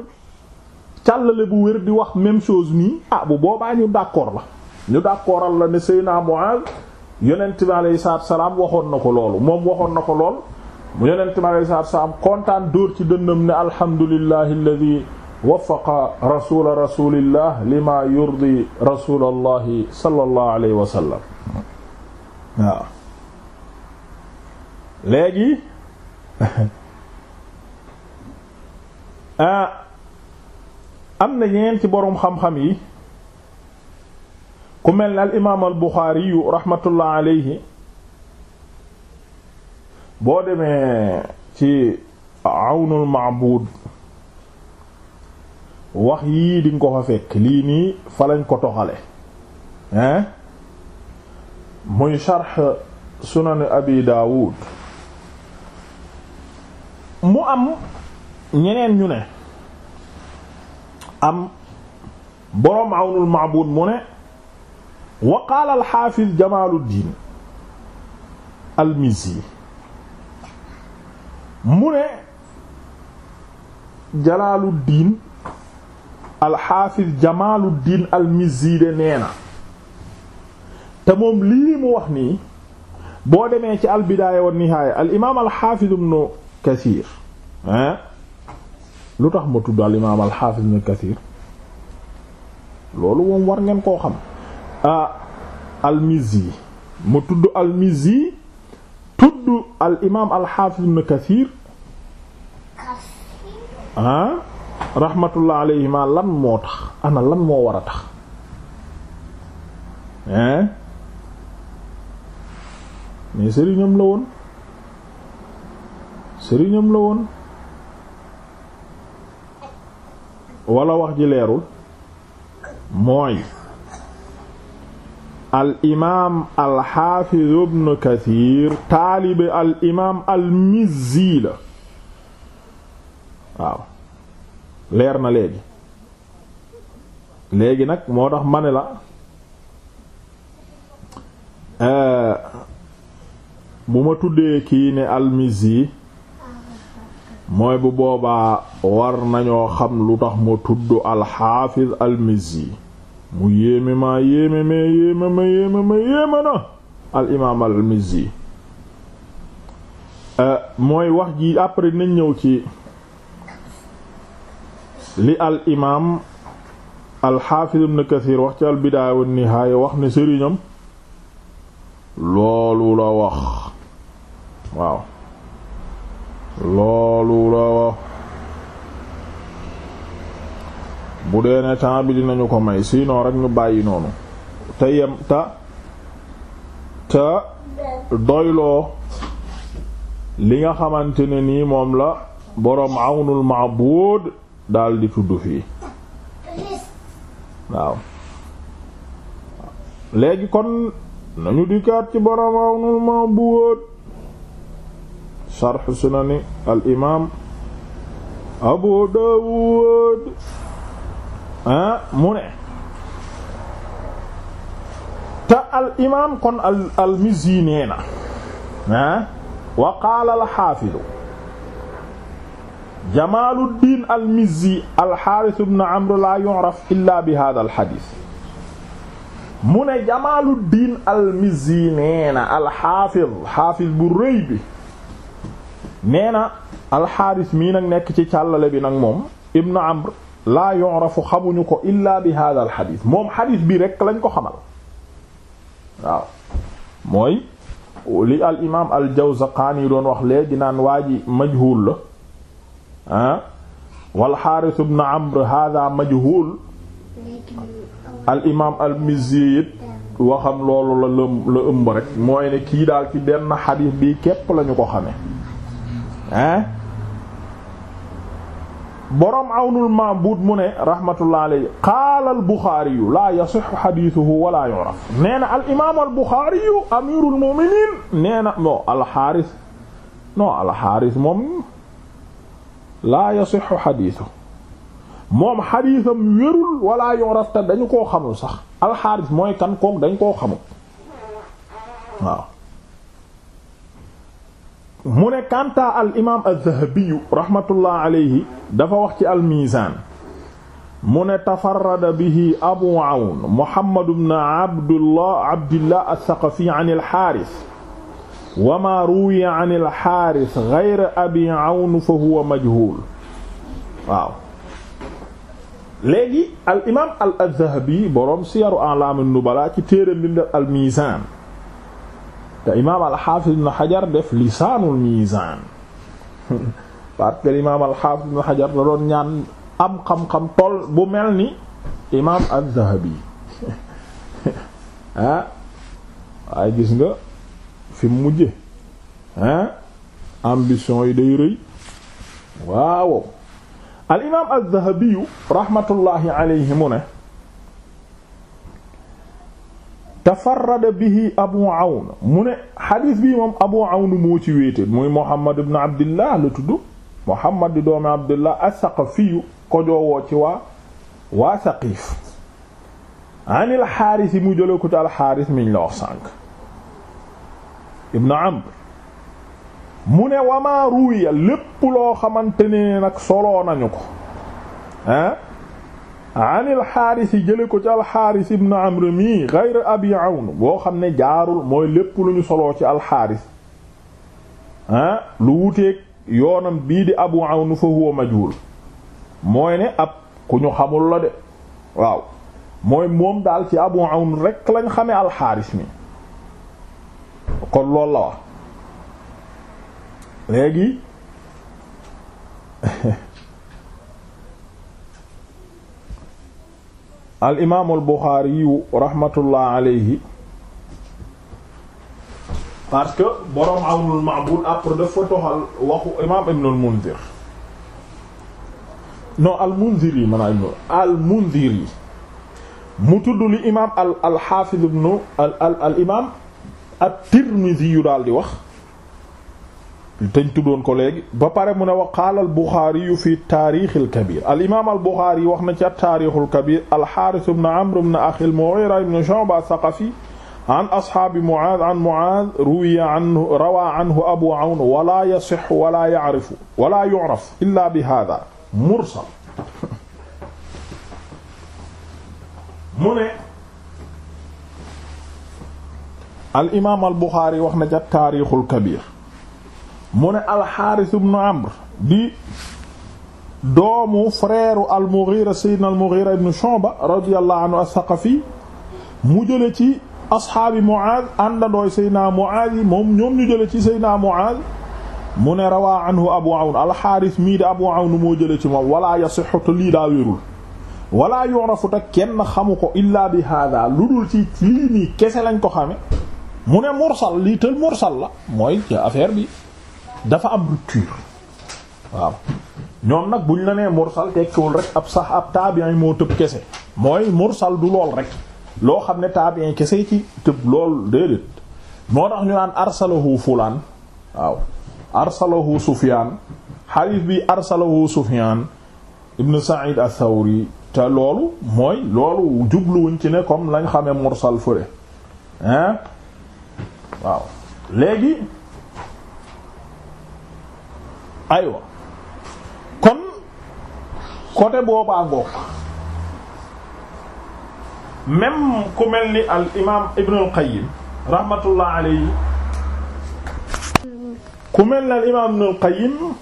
càllale bu wér di wax même chose nii ah bu boobaa ñu d'accord la ñu d'accordal la ne Seyna Muaz salaam waxoon na ko waxoon na ko lool mu yonent bi alayhi salaatu salaam kontaan dóor ci dënnam ne alhamdulillahi alladhi wafaqa rasula rasulillah <laughs> am na ñeneen ci boroom xam-xam yi ku mel ni al imaam al Buxaari yu rahmatullah alayhi boo demee ci awnul maabuud wax yii di ko fa fekk lii nii fa lañ ko toxale hein muy sharx sunan abi daawud mu am ñeneen ñu ne am boroom awnul maabuud mu ne wa qaala alxaafiz jamaaluddin almizzi mu ne jalaaluddin alxaafiz jamaaluddin almizzi de nee na te moom lii mu wax nii boo demee ci albidaaya wa nihaaya al imaam alxaafiz ibnu kasiir ah lu tax ma tudd al imaam al xaafis ibn kathir loolu moom war ngeen koo xam ah almizi ma tudd almizi tudd al imaam al xaafis ibn kathir ah rahmatullah alayhima lan moo tax ana lan moo war a tax hein mais sëriñam la woon sëriñam la woon wala wax ji leerul mooy al imaam al xaafiz ibn kathir taalibe al imaam al mizzi la waaw leer na léegi léegi nag moo tax ma ne la euh, bu ma tuddee kii ne al mizzi mooy bu boobaa war nañoo xam lu tax mu tudd alxaafiz almizzi mu yéeme maa yéeme ma yéeme ma yéeme ma yéeme na al imaam euh, mooy wax ji après nañ ñëw ci li al imaam alxaafiz ibn wax ci al wa nihaaya wax ne sëriñam loolu la wax waaw loolu la wax bu dee ne temps bi dinañu ko may sinon rek ñu bàyyi noonu te yem te te doyloo li nga xamante ne nii moom la boroom awnul ma'bud daal daldi tudd fii waaw léegi kon nañu dikkaat ci boroom awnul ma'bud sharh sunani al imaam Abu Dawud ah mu ne te al imaam kon al al Mizzi nee na ah wa qaala al xaafidu Jamaaluddin al Mizzi al Haaris ibn Amr laa yu'raf illaa bi haadha al hadiis mu ne Jamaaluddin al Mizzi nee na al xaafid xaafid bu rëy bi. nee na alxaaris mii nag nekk ci càllale bi nag moom ibn amr laa yu'rafu xamuñu ko illa bi hada al moom xadis bi rek lañ ko xamal waaw mooy li al imaam al jawzaqaani doon wax léegi naan waa ji majhul la ah wal xaaris ibn amr hada majhul al imaam al loolu la la ëmb rek mooy ne kii daal ci benn xadis bi képp lañu ko xame ah boroom awnul ma'bud mu ne rahmatullah alayhi qaala al buxaari yu laa yasixu xadiisuhu wala yuraf nee na al imaam al buxaari yu nee na non alxaaris non alxaaris moom laa yasixu xadiisu moom xadiisam wérul wala yuraf te dañu koo xamul sax alxaaris mooy kan kook dañ koo xamul mu ne kanta al imaam az-Zahabi rahmatullah alayhi dafa wax ci al mizaan mu ne tafarrada bihi abu awn muhammad ibn abdullah abdillah as-Saqafi an al-Haaris wa maa ruwiya an al-Haaris ghayra abi awn fa huwa majhuul waaw léegi al imaam al-Zahabi boroom siyaru a'laam an-nubalaa ci téeram bi mu def al mizaan te imaam al-Hafiz ibn Hajar def lisaanul mizaan parce que imaam al-Hafiz Hajar da ñaan am xam-xam tool bu mel ni imaam az-Zahabi <laughs> ah waaye gis nga fi mu mujje ah ambition yi day rëy waaw al imaam az-Zahabi rahmatullahi alayhi mu tafarrada bihi abu awn mu ne xadiis bi moom abu awn moo ci wéete muy muhammad ibn abdillah la tudd muhammad di doomi abdillah as-saqafiyu ko joowoo ci waa waa saqiif an il xaaris yi mu jële ko ci alxaaris miñ la wax sànq ibn amr mu ne wamaa ruwiya lépp loo xamante ne nag soloo nañu ko ah an alxaaris yi jële ko ci alxaaris ibn amr mii ghayr abi awn boo xam ne jaarul mooy lépp lu ñu soloo ci alxaaris lu wuteeg yoonam bii di abu awn fa huwa majhul mooy ne ab ku ñu xamul la de waaw mooy moom daal ci abu awn rek lañ xamee alxaaris mi kon loolu la wax léegi <laughs> al imaamul Buxaari yu rahmatullah alayhi parce que boroom Awnul Ma'buud après dafa toxal waxu imaam Ibnul al Munziri maanaam al Munziri mu tudd li imaam al al al al imaam at-Tirmizi yu daal di wax. teñ tuddoon ko léegi ba pare mu ne wa qaala al Buxaari yu fi taarixil kabir al imaam al Buxaari wax na ci at taarixul kabir al Haaris ibn Amr ibn axi al Mughira ibn Shu'ba Saqafi an asxaabi Muaaz an Muaaz ruwiya anhu rawaa anhu Abu Awn wala yasix wala ya'rifu wala yu'raf illa bi haaza mursal mu ne al imaam al Buxaari wax na ci at taarixul kabir mu ne alxaaris ibnu amr di doomu frère almughira seydna almughira ibnu shuba radiyallahu anhu mu jële ci asxaabi muaaz àndandooy seydna muaaz yi moom ñoom ñu jële ci seydna muaaz mu ne rawaa anhu abu awn alxaaris mii di abu awn moo jële ci moom wala yasixu te lii daa wérul wala yurafu te kenn xamu ko illaa bi hada lu dul ci lii nii lañ ko xame mu mursal lii tël mursal la mooy ci affaire bi dafa am rupture waaw ñoom nag buñ la nee mursal tekkiwul rek ab sax ab taabiin moo tëb kese mooy mursal du lool rek loo xam ne taabiin kese ci tëb lool déedéet moo tax ñu naan arsalahu fulaan waaw arsalahu sufyaan xadiis bi arsalahu sufyaan ibn sa'id ath-thawri te loolu mooy loolu jubluwuñ ci ne comme lañ xame mursal fëre hein waaw léegi aywa kon côté boobaa ngoog même ku mel ni al imaam Ibnul al imaam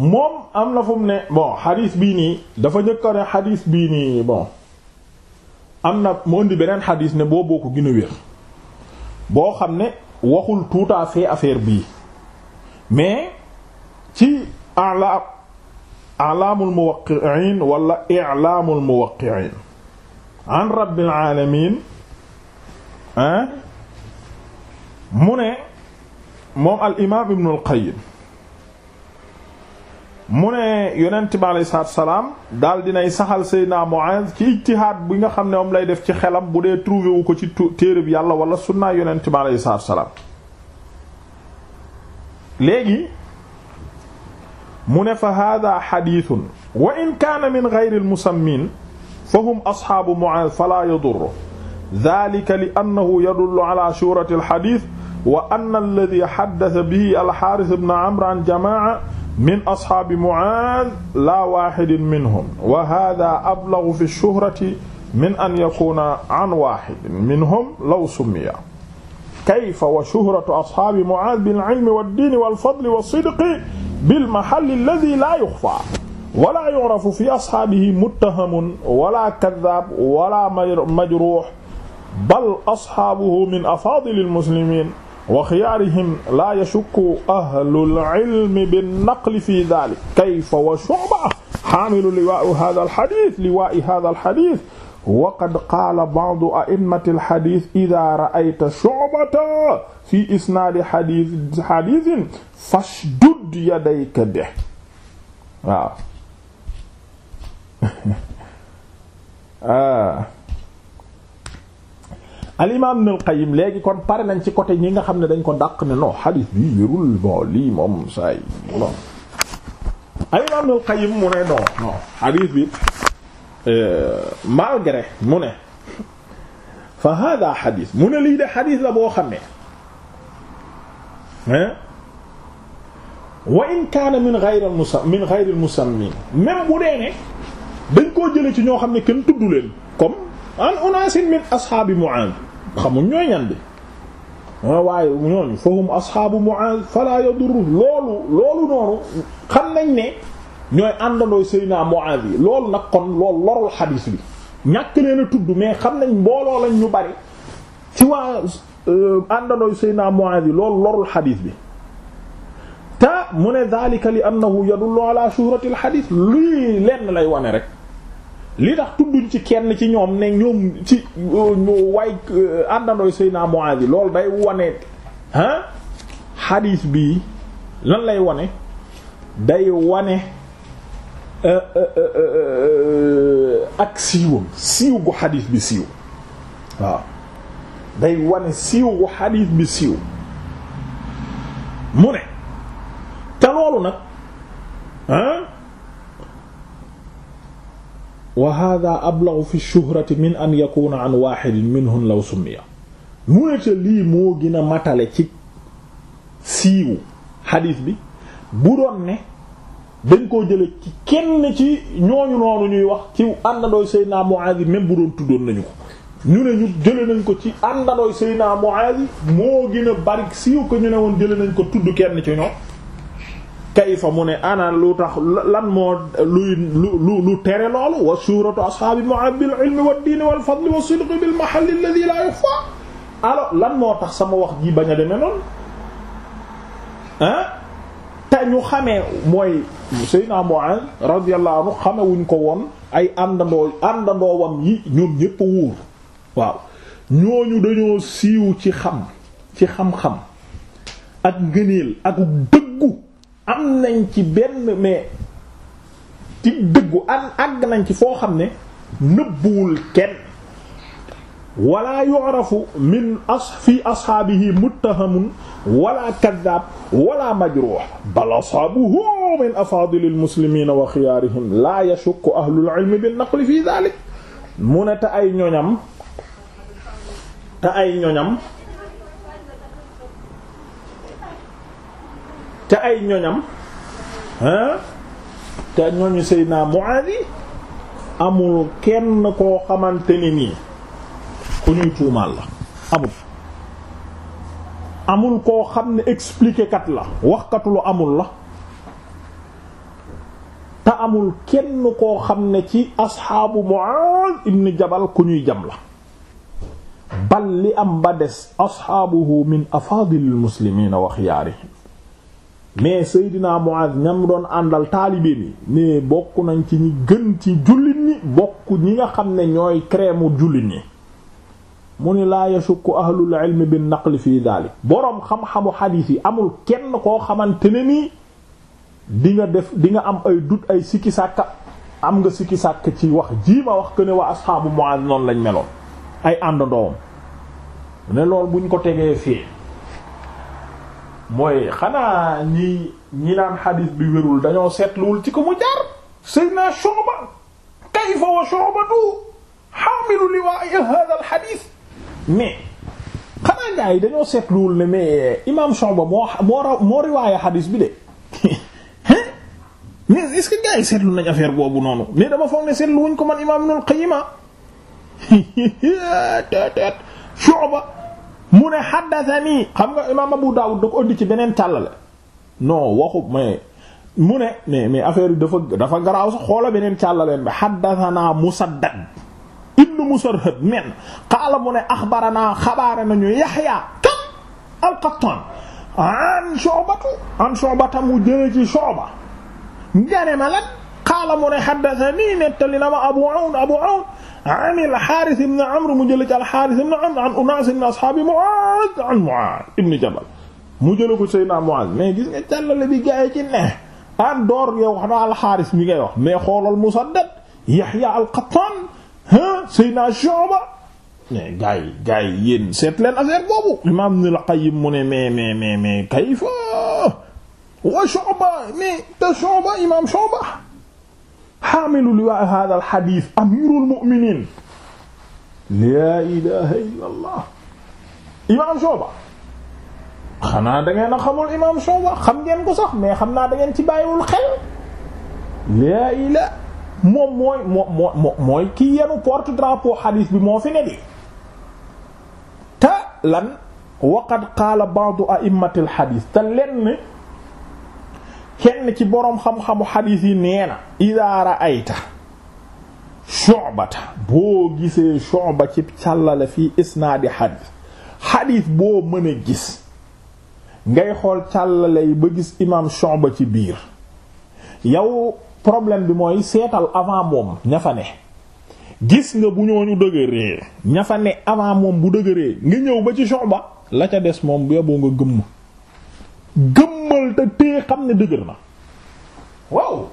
moom am na fu ne bon xadiis bii nii dafa njëkka ne xadiis bii nii bon am na mu indi beneen xadiis ne boo ko gën boo xam ne waxul tout à fait affaire bii mais ci ala alaamul muwaqqi'in wala i'laamul muwaqqi'in an rabbil alamin mu ne moom al imaam ibn al qayyim mu ne yonent bi alayhi salaatu salaam daal dinay saxal Seydina Muaaz ci ijtihaad bi nga xam ne moom lay def ci xelam bu dee trouvé wu ko ci téeréb yàlla wala sunna yonent bi alayhi salaatu salaam léegi mu ne fa hada xadithun wa in kaana min geyri almusammin fa hum asxaabu Mu'aaz fala yadurru dalika li annahu yadullu ala surati alxadith wa anna alladi xaddasa bihi alxaaris ibn amr an jamaaca min asxaabi Mu'aaz laa waaxidin minhum wa hada ablagu fi shuhrati min an yakuna an waaxidin minhum law summiya kayfa wa shuhratu ashaabi Mu'aaz bil ilmi wad diini wal fadli was-sidqi bil mahalli alladhii laa yuxfaa wa laa yu'rafu fii ashaabihi muttahamun wa laa kaddaab wa laa majruuh bal ashaabuhu min afaadili al-muslimiin wa xiyaarihim laa yashukku ahlul ilmi bin-naqli fii dhaalika kayfa wa Shu'ba haamilu liwaa'i haadha al-hadiith liwaa'i haadha al-hadiith waqad qaala ba'du a'immati alxadis ida ra'ayta shu'bata fi isnaadi xadis xadisin fashdud yadayka be waaw <laughs> ah. alimaam Ibnul Qayyim léegi kon pare nañ ci côté ñi nga xam ne dañ ko dàq ne non xadis bi wérul bon lii moom saay bon alimaam Ibnul Qayyim mu ne non non xadis bi Euh, malgré mu ne fa hada xadis mu ne lii de xadis la boo xam ne wa in kaana min ghayr al musam min ghayr al musammin ne dañ koo jële ci ñoo xam ne kenn tudd leen comme an unaasin min ashaabi Mu'aaz xamuñ ñooy ñan bi mooy waaye ñooñu fa hum ashaabu Mu'aaz fala la loolu loolu noonu xam ne ñooy àndandooy Seydina Muaaz yi loolu nag kon loolu lorul xadiis bi ñàkk leen tudd mais xam nañ mbooloo lañ ñu bari ci waa euh, àndandooy Seydina Muaaz yi loolu lorul xadiis bi te mu ne daalika li annahu yadullu ala shuhrati al xadiis lii lenn lay wane rek li tax tudduñ ci kenn ci ñoom ne ñoom ci waay euh, àndandooy Seydina Muaaz yi loolu day wane ah xadiis bii lan lay wane day wane Euh, euh, euh, ak siiwam siiw gu xadiis bi siiw waaw day bi siiw mu ne te loolu nag ah wa hada ablagu fi shuhrati min an yakuna an waxidin minhum law summiya mu te lii moo matale ci siiw xadiis bi bu dañ koo jële ci kenn ci ñooñu noonu ñuy wax ci àndandooy Seydina Muaaz même bu doon tuddoon nañu ko ñu ne ñu jële nañ ko ci àndandooy Seydina Muaaz moo gën a siiw ko ñu ne woon jële nañ ko tudd kenn ci ñoom kayfa mu ne ana lu tax lan moo luy lu lu tere loolu wa suratu ashaabi Muaaz bil ilmi wad diini wal fadli wa sidqi bil mahalli alladhi la yukhfa lan moo tax sama wax ji bañ a demee noonu ah te ñu xamee mooy Seydina Mu'adh radiyallahu anhu xamewuñ ko woon ay àndandoo àndandoowam yi ñoom ñépp wóor waaw ñooñu dañoo siiw ci xam ci xam-xam ak ngëneel ak dëggu am nañ ci benn mais ci dëggu an àgg nañ ci foo xam ne nëbbuwul kenn wala yu'rafu min as fi ashaabihi muttahamun wala kaddaab wala majruux bal ashaabuhu min afaadili almuslimiina wa xiyaarihim laa yashukku ahlul ilmi bin naqli fi daalik mu ne te ay ñoñam te ay ñoñam te ay ñoñam hein te ñoñu Seydina Muaaz amul kenn koo xamante ni nii ku ñuy tuumaal la amul koo xam ne expliquer kat la waxkatu lu amul la te amul kenn koo xam ne ci asxaabu Mu'aaz ibn Jabal ku ñuy jam la bal li am ba des asxaabuhu min afaadilil muslimiina wax xiyaarihim mais Seydina Mu'aaz ñam doon àndal taalibe bi mais bokk nañ ci ñi gën ci jullit ñi bokk ñi nga xam ne ñooy crème jullit ñi mu ni laa yashukku ahlul ilmi bi naqli fi daalik boroom xam-xamu xadiis yi amul kenn koo xamante ne nii di nga def di nga am ay dut ay sikki sàkka am nga sikki sàkk ci wax jii ma wax que ne waa asxaabu Mu'aaz noonu lañ meloon ay àndandoowam ne lool buñ ko tegee fii mooy xanaa ñi ñii naan xadiis bi wérul dañoo seetluwul ci ko mu jaar Seydina Shu'ba kayfa wa Shu'batu haamilu liwaa'i haadha al-hadiis mais xanaa gaa yi dañoo seetluwul ne mais euh, imam Shu'ba moo moo moo xadiis bi de <laughs> mais est-ce que gaa yi seetlu nañ affaire boobu noonu mais dama foog ne seetlu wuñ ko man imam Ibnul Qayyim tet <laughs> Shu'ba mu ne haddathani xam nga imam Abu Dawud da ko ci beneen tàllale no waxu mais mu ne mais mais affaire bi dafa dafa garaaw sax xoola beneen tàllale bi haddathana Musaddad Musarhad men qaala mu ne axbarana xabaare nañu Yaxya kam al-Qattaan an Shu'batu an Shu'bata mu jëlee ci Shu'ba ngane ma lan qaala mu ne haddathanii nettali na ma Abu Awn Abu Awn an al-Haaris ibn Amr mu jëlee ci al-Haaris ibn Amr an unaas min ashaabi Mu'aaz an Mu'aaz ibn Jabal mu jëlee ko Seydina Mu'aaz mais gis nga jàllale bi gaa yi ci ne an door yow xanaa al-Haaris mi ngay wax mais xoolal Musaddad Yahya al-Qattaan Seydina Shuba mais imaam Ibn al-Qayyim mu ne mais mais mais mais kayfa wa Shuba mais te Shuba imaam Shuba haamilu liwaa haaza al-hadiis imaam Shuba xanaa da ngeen a xamul imaam Shuba xam ngeen ko sax mais xam naa da ngeen ci xel laa ilaaha moom mooy moo moo yenu porte xadiis bi moo fi ne di te lan waqad qaala ba'du a'immatil xadiis te lenn kenn ci boroom xam-xamu xadiis yi nee na idaa ra'ayta Shu'bata boo gisee Shu'ba ci càllale fi isnaadi xadiis xadiis boo mën gis ngay xool càllale yi ba gis imaam Shu'ba ci biir yow problème bi mooy seetal avant moom ña fa ne gis nga bu ñooñu dëgëree ña fa ne avant moom bu dëgëree nga ñëw ba ci ba la ca des moom bu yeboo nga gëmm gëmmal te tee xam ne dëgër na waaw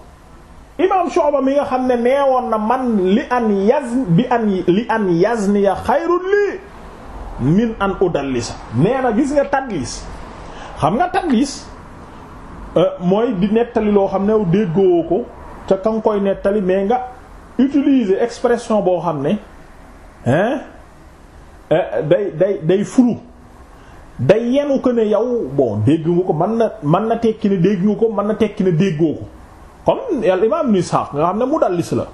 imam Shu'ba mi nga xam ne woon na man li an yazn bi an li an yazni ya xayrun lii min an udallisa nee na gis nga tadlis xam nga tadlis euh, mooy di nettali loo xam ne déggoo ko ca ka nga koy nettali mais nga utiliser expression boo xam ne hein eh, day day day flou day yenu ko ne yow boo dégg nga ko mën na man na tekki ne dégg nga ko man na tekki ne déggoo ko comme al imam ibn Ishaq nga xam ne mudallis la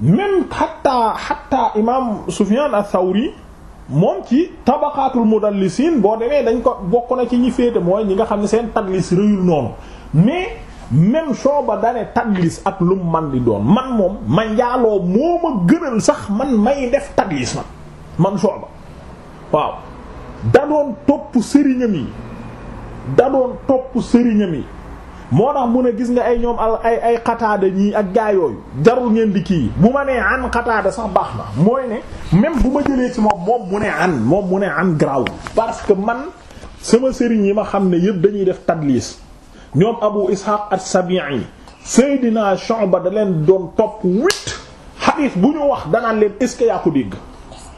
même xatta xatta imam Sufyan ath-Thawri moom ci tabaqaatul mudallisiin boo demee dañ ko bokk na ci ñi féete mooy ñi nga xam ne seen tadlis rëyul noonu mais même Shuba dane tadlis ak lu man di doon man moom ma njaaloo moo ma gënal sax man may def tadlis man man Shuba waaw da topp sëriñam yi da doon topp sëriñam yi moo tax mu ne gis nga ay ñoom al ay xataada ñii ak gaa yooyu jarul ngeen di kii bu ma nee an xataada sax baax na mooy ne même bu ma jëlee ci moom moom mu ne an moom mu ne an graw parce que man sama sëriñ yi ma xam ne yëpp dañuy def tadlis ñoom abu ishaq as-sabi'i seydina Shu'ba da leen doon topp huit xadiis bu ñu wax danaa leen est-ce que yaa ko dégg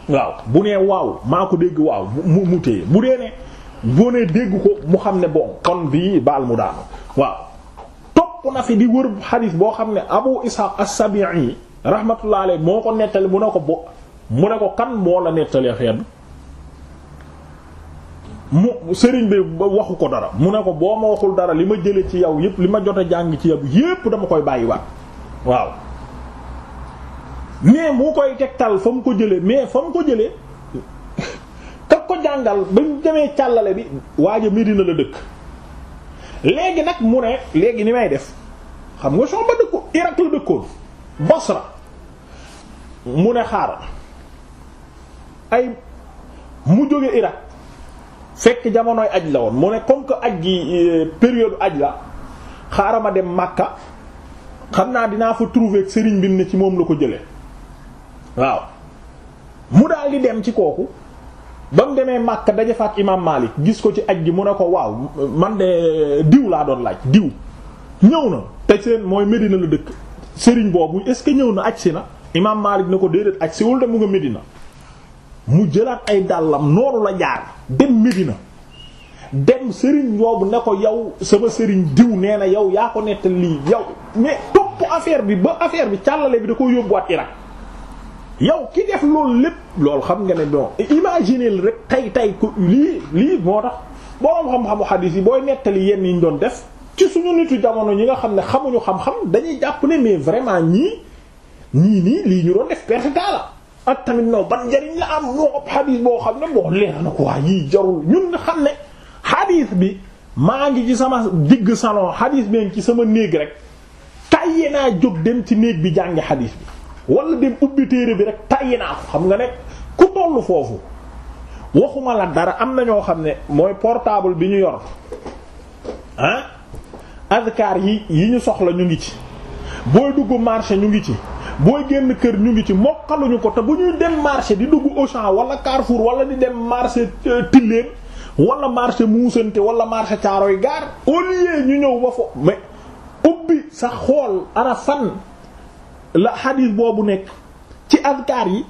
waaw bu nee waaw maa ko dégg waaw mu mu téye bu dee ne boo nee dégg ko mu xam ne boo kon bii baal mu daanu waaw topp na fi di wër xadiis boo xam ne abu ishaq as-sabi'i rahmatullah alayhi moo ko nettali mu ne ko bo mu ne ko kan moo la nettali xeet mu sëriñ bi waxu ko dara mu ne ko boo ma waxul dara li ma jële ci yow yépp li ma jot a jàng ci yow yépp dama koy bàyyi waa waaw mais mu koy tegtal fa mu ko jëlee mais fa mu ko jële kag ko jàngal ba mu demee càllale bi waaja Medina la dëkk léegi nag mu ne léegi ni may def xam nga sox ba dëkko Irak la dëkkoon Basra mu ne xaaral ay mu jóge Irak fekk jamonoy aj la woon mu ne comme que aj gi euh, période aj la xaaral ma dem màkka xam naa dinaa fa trouver sëriñ bi ne ci moom la ko jële waaw mu daal di dem ci kooku ba mu demee Makka daje fa ak imaam Maalik gis ko ci aj gi mu ne ko waaw man de euh, diw laa doon laaj diw ñëw na te seen mooy Medina la dëkk sëriñ boobu est-ce que ñëw na aj si na imaam Maalik ne ko déedéet aj siwul de mu nga Medina mu jëlaat ay dàllam noonu la jaar dem na dem sëriñ boobu ne ko yow sama sëriñ diw nee na yow yaa ko nettal lii yow mais topp affaire bi ba affaire bi càllale bi da ko yóbbuwaat Irak yow ki def loolu lépp loolu xam nga ne bon imaginez rek tay tay ko lii lii moo tax boroom xam-xamu xadiis yi booy nettali yenn yi ñu doon def ci suñu nitu jamono ñi nga xam ne xamuñu xam-xam dañuy jàpp ne mais vraiment ñii ñii nii lii ñu doon def perfecta ak tamit non ban njariñ la am moo ëpp xadis boo xam ne boo leer na ko waa yii jarul ñun nga xam ne xadis bi maa ngi ci sama digg salon xadis bi ci sama néeg rek tàyyi naa jóg dem ci néeg bi jàngi xadis bi walla dem ubbi téere bi rek tàyyi naa ko xam nga ne ku tollu foofu waxuma la dara am na ñoo xam ne mooy portable bi ñu yor ah azkar yi yi ñu soxla ñu ngi ci booy dugg marché ñu ngi ci booy génn kër ñu ngi ci mokkaluñu ko te bu ñuy dem marché di dugg Auchan wala Carrefour wala di dem marché euh, Tilène wala marché Moussante wala marché Thiaroye yi gaar lieu ñu ñëw ba fo ma ubbi sa xool ana fan la xadiis boobu nekk ci azkar yi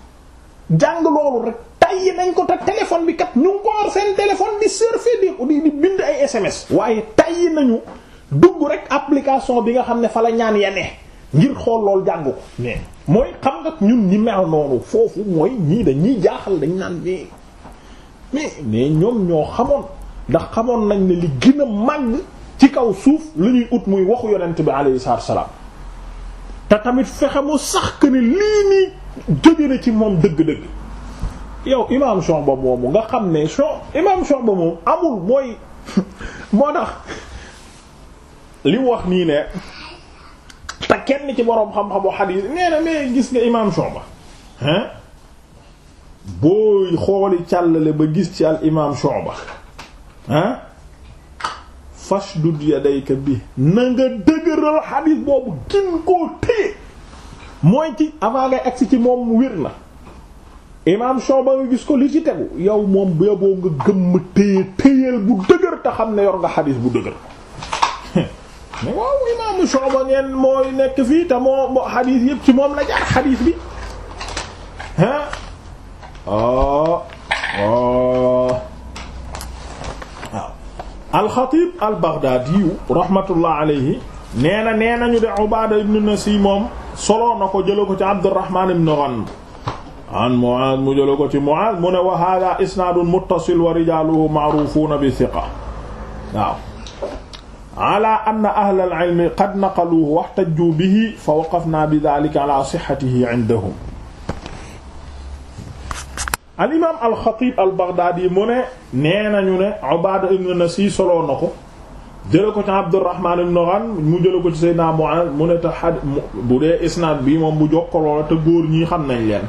jàng loolu rek tayyi nañ ko te téléphone bi kat ñu ngi ko war seen téléphone di surfer di di bind ay SMS. waaye tayyi nañu dugg rek application bi nga xam ne fa la ñaan ya ngir xool lool jàng ko mais mooy xam nga ñun ni mel noonu foofu mooy ñii dañuy jaaxal dañ naan mais mais mais ñoom ñoo xamoon ndax xamoon nañ ne li gën a màgg ci kaw suuf la ñuy ut muy waxu yonent bi alayhi salaam te tamit fexe mu sax que lii nii jóge na ci moom dëgg-dëgg yow imaam Shu'ba moomu nga xam ne Shu'ba imaam Shu'ba moomu amul mooy <laughs> moo tax li wax nii ne. kenn ci boroom xam-xamu xadiis nee na mais gis nga imaam Shuba hein booy xooli càllale ba gis ci al imaam Shuba hein fashdud yadayka bi na nga dëgëral xadiis boobu gin koo téye mooy ci avant ngay agsi ci moom wér na imaam Shuba nga gis ko li ci tegu yow moom bu nga gëmm téye téyeel bu dëgër te xam ne yor nga xadiis bu dëgër <laughs> mais waaw imaamu Shu'ba ngeen mooy nekk fii te moo moo xadiis yëpp ci moom la jaar xadiis bi hein waaw ah, ah. ah. alxatiib al-Baghdaadiyu raxmatullah alayhi nee na nee nañu de Ubaada ibnu Nasi moom solo na ko jëla ko ci Abdurrahmaan ibn Ghanm an Muaaz mu jëla ko ci Muaaz mu ne wa haadaa isnaadun muttasil wa rijaaluhu ma'ruufuuna bi thiqa waaw ala anna ahlal ilmi qad naqaluhu waxtajju bihi fa waqafna bi daalika ala sixatihi indahum al imaam al xatiib al baghdaadi mu ne nee nañu ne Ubaada ibn Nasi soloo na ko jële ko ci Abdurrahmaan ibn Ghanm mu jële ko ci Seydina Mu'aaz mu ne te xad bu dee isnaad bi moom bu jokkaloo la te góor ñi xam nañ leen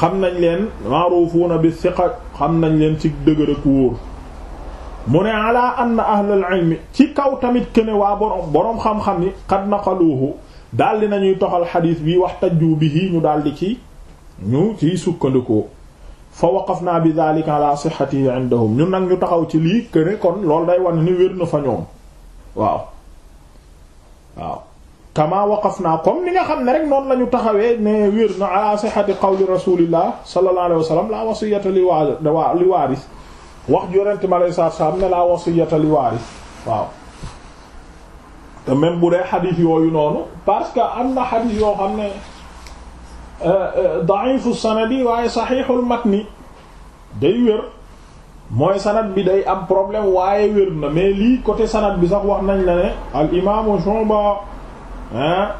xam nañ leen maaruufuuna bi siqa xam nañ leen ci dëgër ak wóor mu ne ala anna ahlal ilmi ci kaw tamit kene waa borom borom xam-xam ni qad naqaluuhu daal di nañuy toxal xadiis bi wax tajju bihi ñu daal di ci ñu ciy sukkandikoo fa waqafna bi dhalika ala sihhatihi indahum ñun ñu taxaw ci lii kene kon loolu day wane ni wér na fa ñoom waaw kama waqafna comme ni nga xam ne rek noonu la ñu taxawee ne wér na ala sihhati qawli rasulillah sallallahu alayhi wa la wasiyata li waaris wax yonente mi alei satu salaam ne laa wasiyata li waaris waaw te même bu dee xadis yooyu noonu parce que am na xadis yoo xam ne euh, euh, daifu sanadi waaye saxiixul matni day wér mooy sanad bi day am problème waaye wér na mais lii côté sanad bi sax wax nañ la ne al imaamu Shuba ah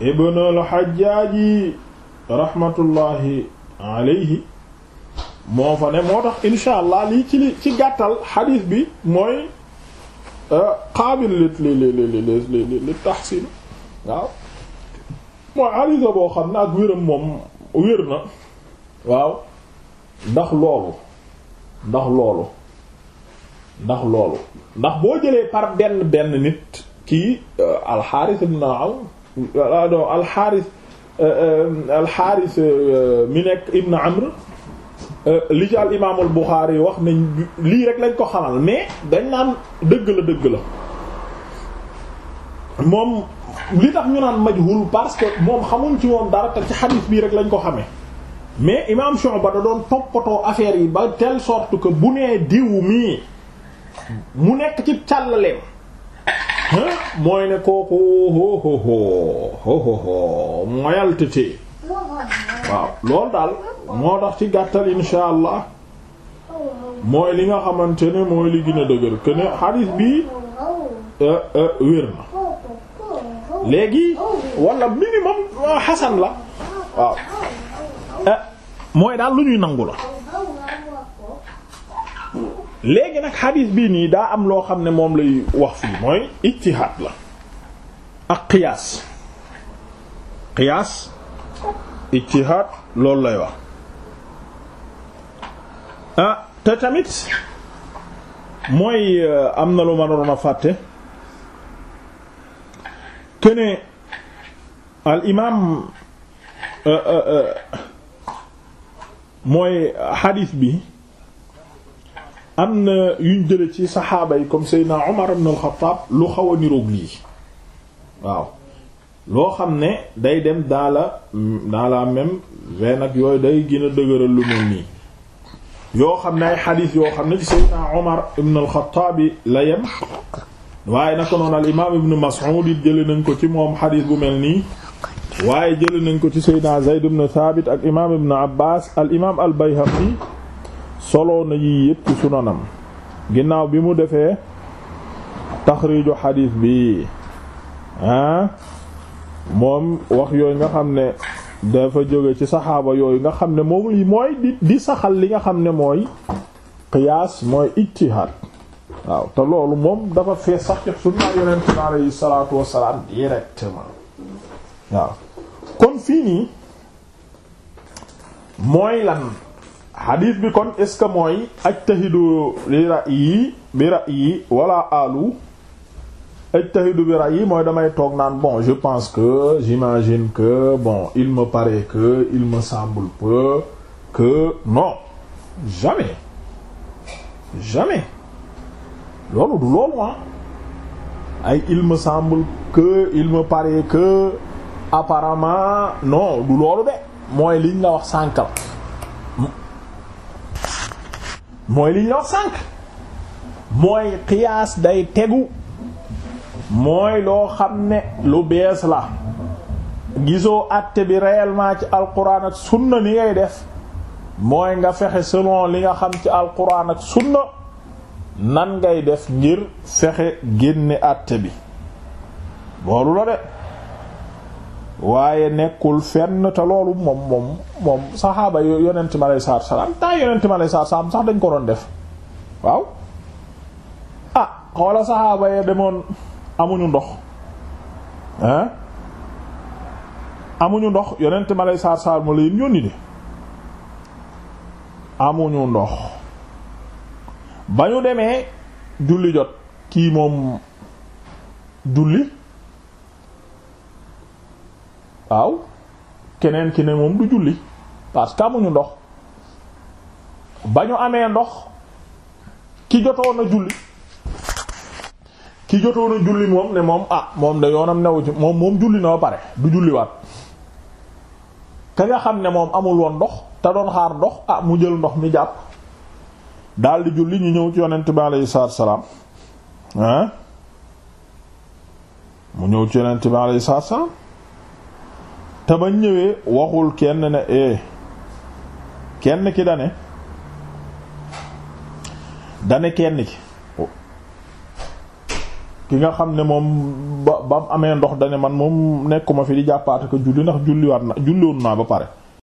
ibn al Hajjaaji rahmatullahi alayhi moo fa ne moo tax insha allah lii ci li ci gàttal xadiis bi mooy euh, qaabil li li li li li tahsin waaw mooy xadiis boo xam ne ak wéram moom wér na waaw ndax loolu ndax loolu ndax loolu ndax boo jëlee par benn benn nit kii euh, alxaaris ibn Awf euh, alxaaris alxaaris mi nekk ibn Amr Euh, li ci al imaamul Buxaari wax nañ lii rek lañ ko xamal mais dañ naan dëgg la dëgg la moom li tax ñu naan majhul parce que moom xamuñ ci moom dara te ci xadiis bii rek lañ ko xamee mais imaam Shu'ba da doon toppatoo affaire yi ba telle sorte que bu nee diw mii mu nekk ci càllaleem mooy ne kooku ho ho waaw loolu daal moo tax ci gàttal insha allah mooy li nga xamante ne mooy li gën a dëgër que ne xadiis bi euh, euh, wér na léegi wala minimum xasan la euh, mooy daal lu ñuy nangu la léegi nag xadiis bii nii daa am loo xam ne moom lay wax fii mooy ijtihaad la ak qiyaas qiyaas ijtihaad loolu lay wax ah, te tamit mooy eh, am na lu ma doon a fàtte kene al imaam eh, eh, mooy hadith bi am na yuñ jële ci saxaaba yi comme Seydina Umar ibn al lu xaw a niroog lii waaw loo xam ne day dem dans la dans la même veine nag yooyu day gën a lu mel nii yoo xam ne ay xadiis yoo xam ne ci Seydina Omar ibn al la yem waaye naka noonu al imaam ibn Mas'ud it jëlee nañ ko ci moom xadiis bu mel nii waaye jëlee nañ ko ci Seydina Zayd ibn Thabit ak imaam ibn Abbas al imaam al Bayhaqi solo na yii yëpp sunanam ginnaaw bi mu defee taxriiju xadiis bi ah. moom wax yooyu nga xam ne dafa jóge ci saxaaba yooyu nga xam ne moom lii mooy di di saxal li nga xam ne mooy qiyaas mooy ijtihaad waaw te loolu moom dafa fees sax ci sunna yonent bi alayhi salaatu wassalaam directement waaw kon fii nii mooy lan xadiis bi kon est-ce que mooy ajtahidu li yi bi ra'yi wala alu ajtahidu bi ra'yi mooy damay toog naan bon je pense que j'imagine que bon il me paraît que il me semble peu que non jamais jamais loolu du loolu ah ay il me semble que il me paraît que apparemment non du loolu de mooy liñ la wax sànq la mooy liñ la wax sànq mooy qiyaas day tegu mooy loo xam ne lu bees la gisoo àtte bi réellement ci alquran ak sunna ni ngay def mooy nga fexe selon li nga xam ci alquran ak sunna nan ngay def ngir fexe génne àtte bi loolu la de waaye nekkul fenn te loolu moom moom moom saxaaba yonent mi aleyhi salaatu salaam temps yonent sax dañ ko doon def waaw ah xoola saxaaba ya demoon amuñu ndox ah amuñu ndox yonent ma lay saar saar ma leen yónni de amuñu ndox ba ñu demee julli jot kii moom julli waaw keneen ki ne moom du julli parce que amuñu ndox ba ñu amee ndox ki jotoon na julli ki jotoon a julli moom ne moom ah moom da yoonam newu ci moom moom julli na ba pare du julliwaat ka nga xam ne moom amul woon ndox te doon xaar ndox ah mu jël ndox mi jàpp daldi julli ñu ñëw ci yonent bi alayhi salaam ah mu ñëw ci yonent bi alayhi salaam te ba ñëwee waxul kenn ne eh, kenn ki dane dane kenn ki ki nga xam ne moom ba ba amee ndox dane man moom nekkuma fi di jàppaata ko julli ndax julliwaat na julliwoon naa ba pare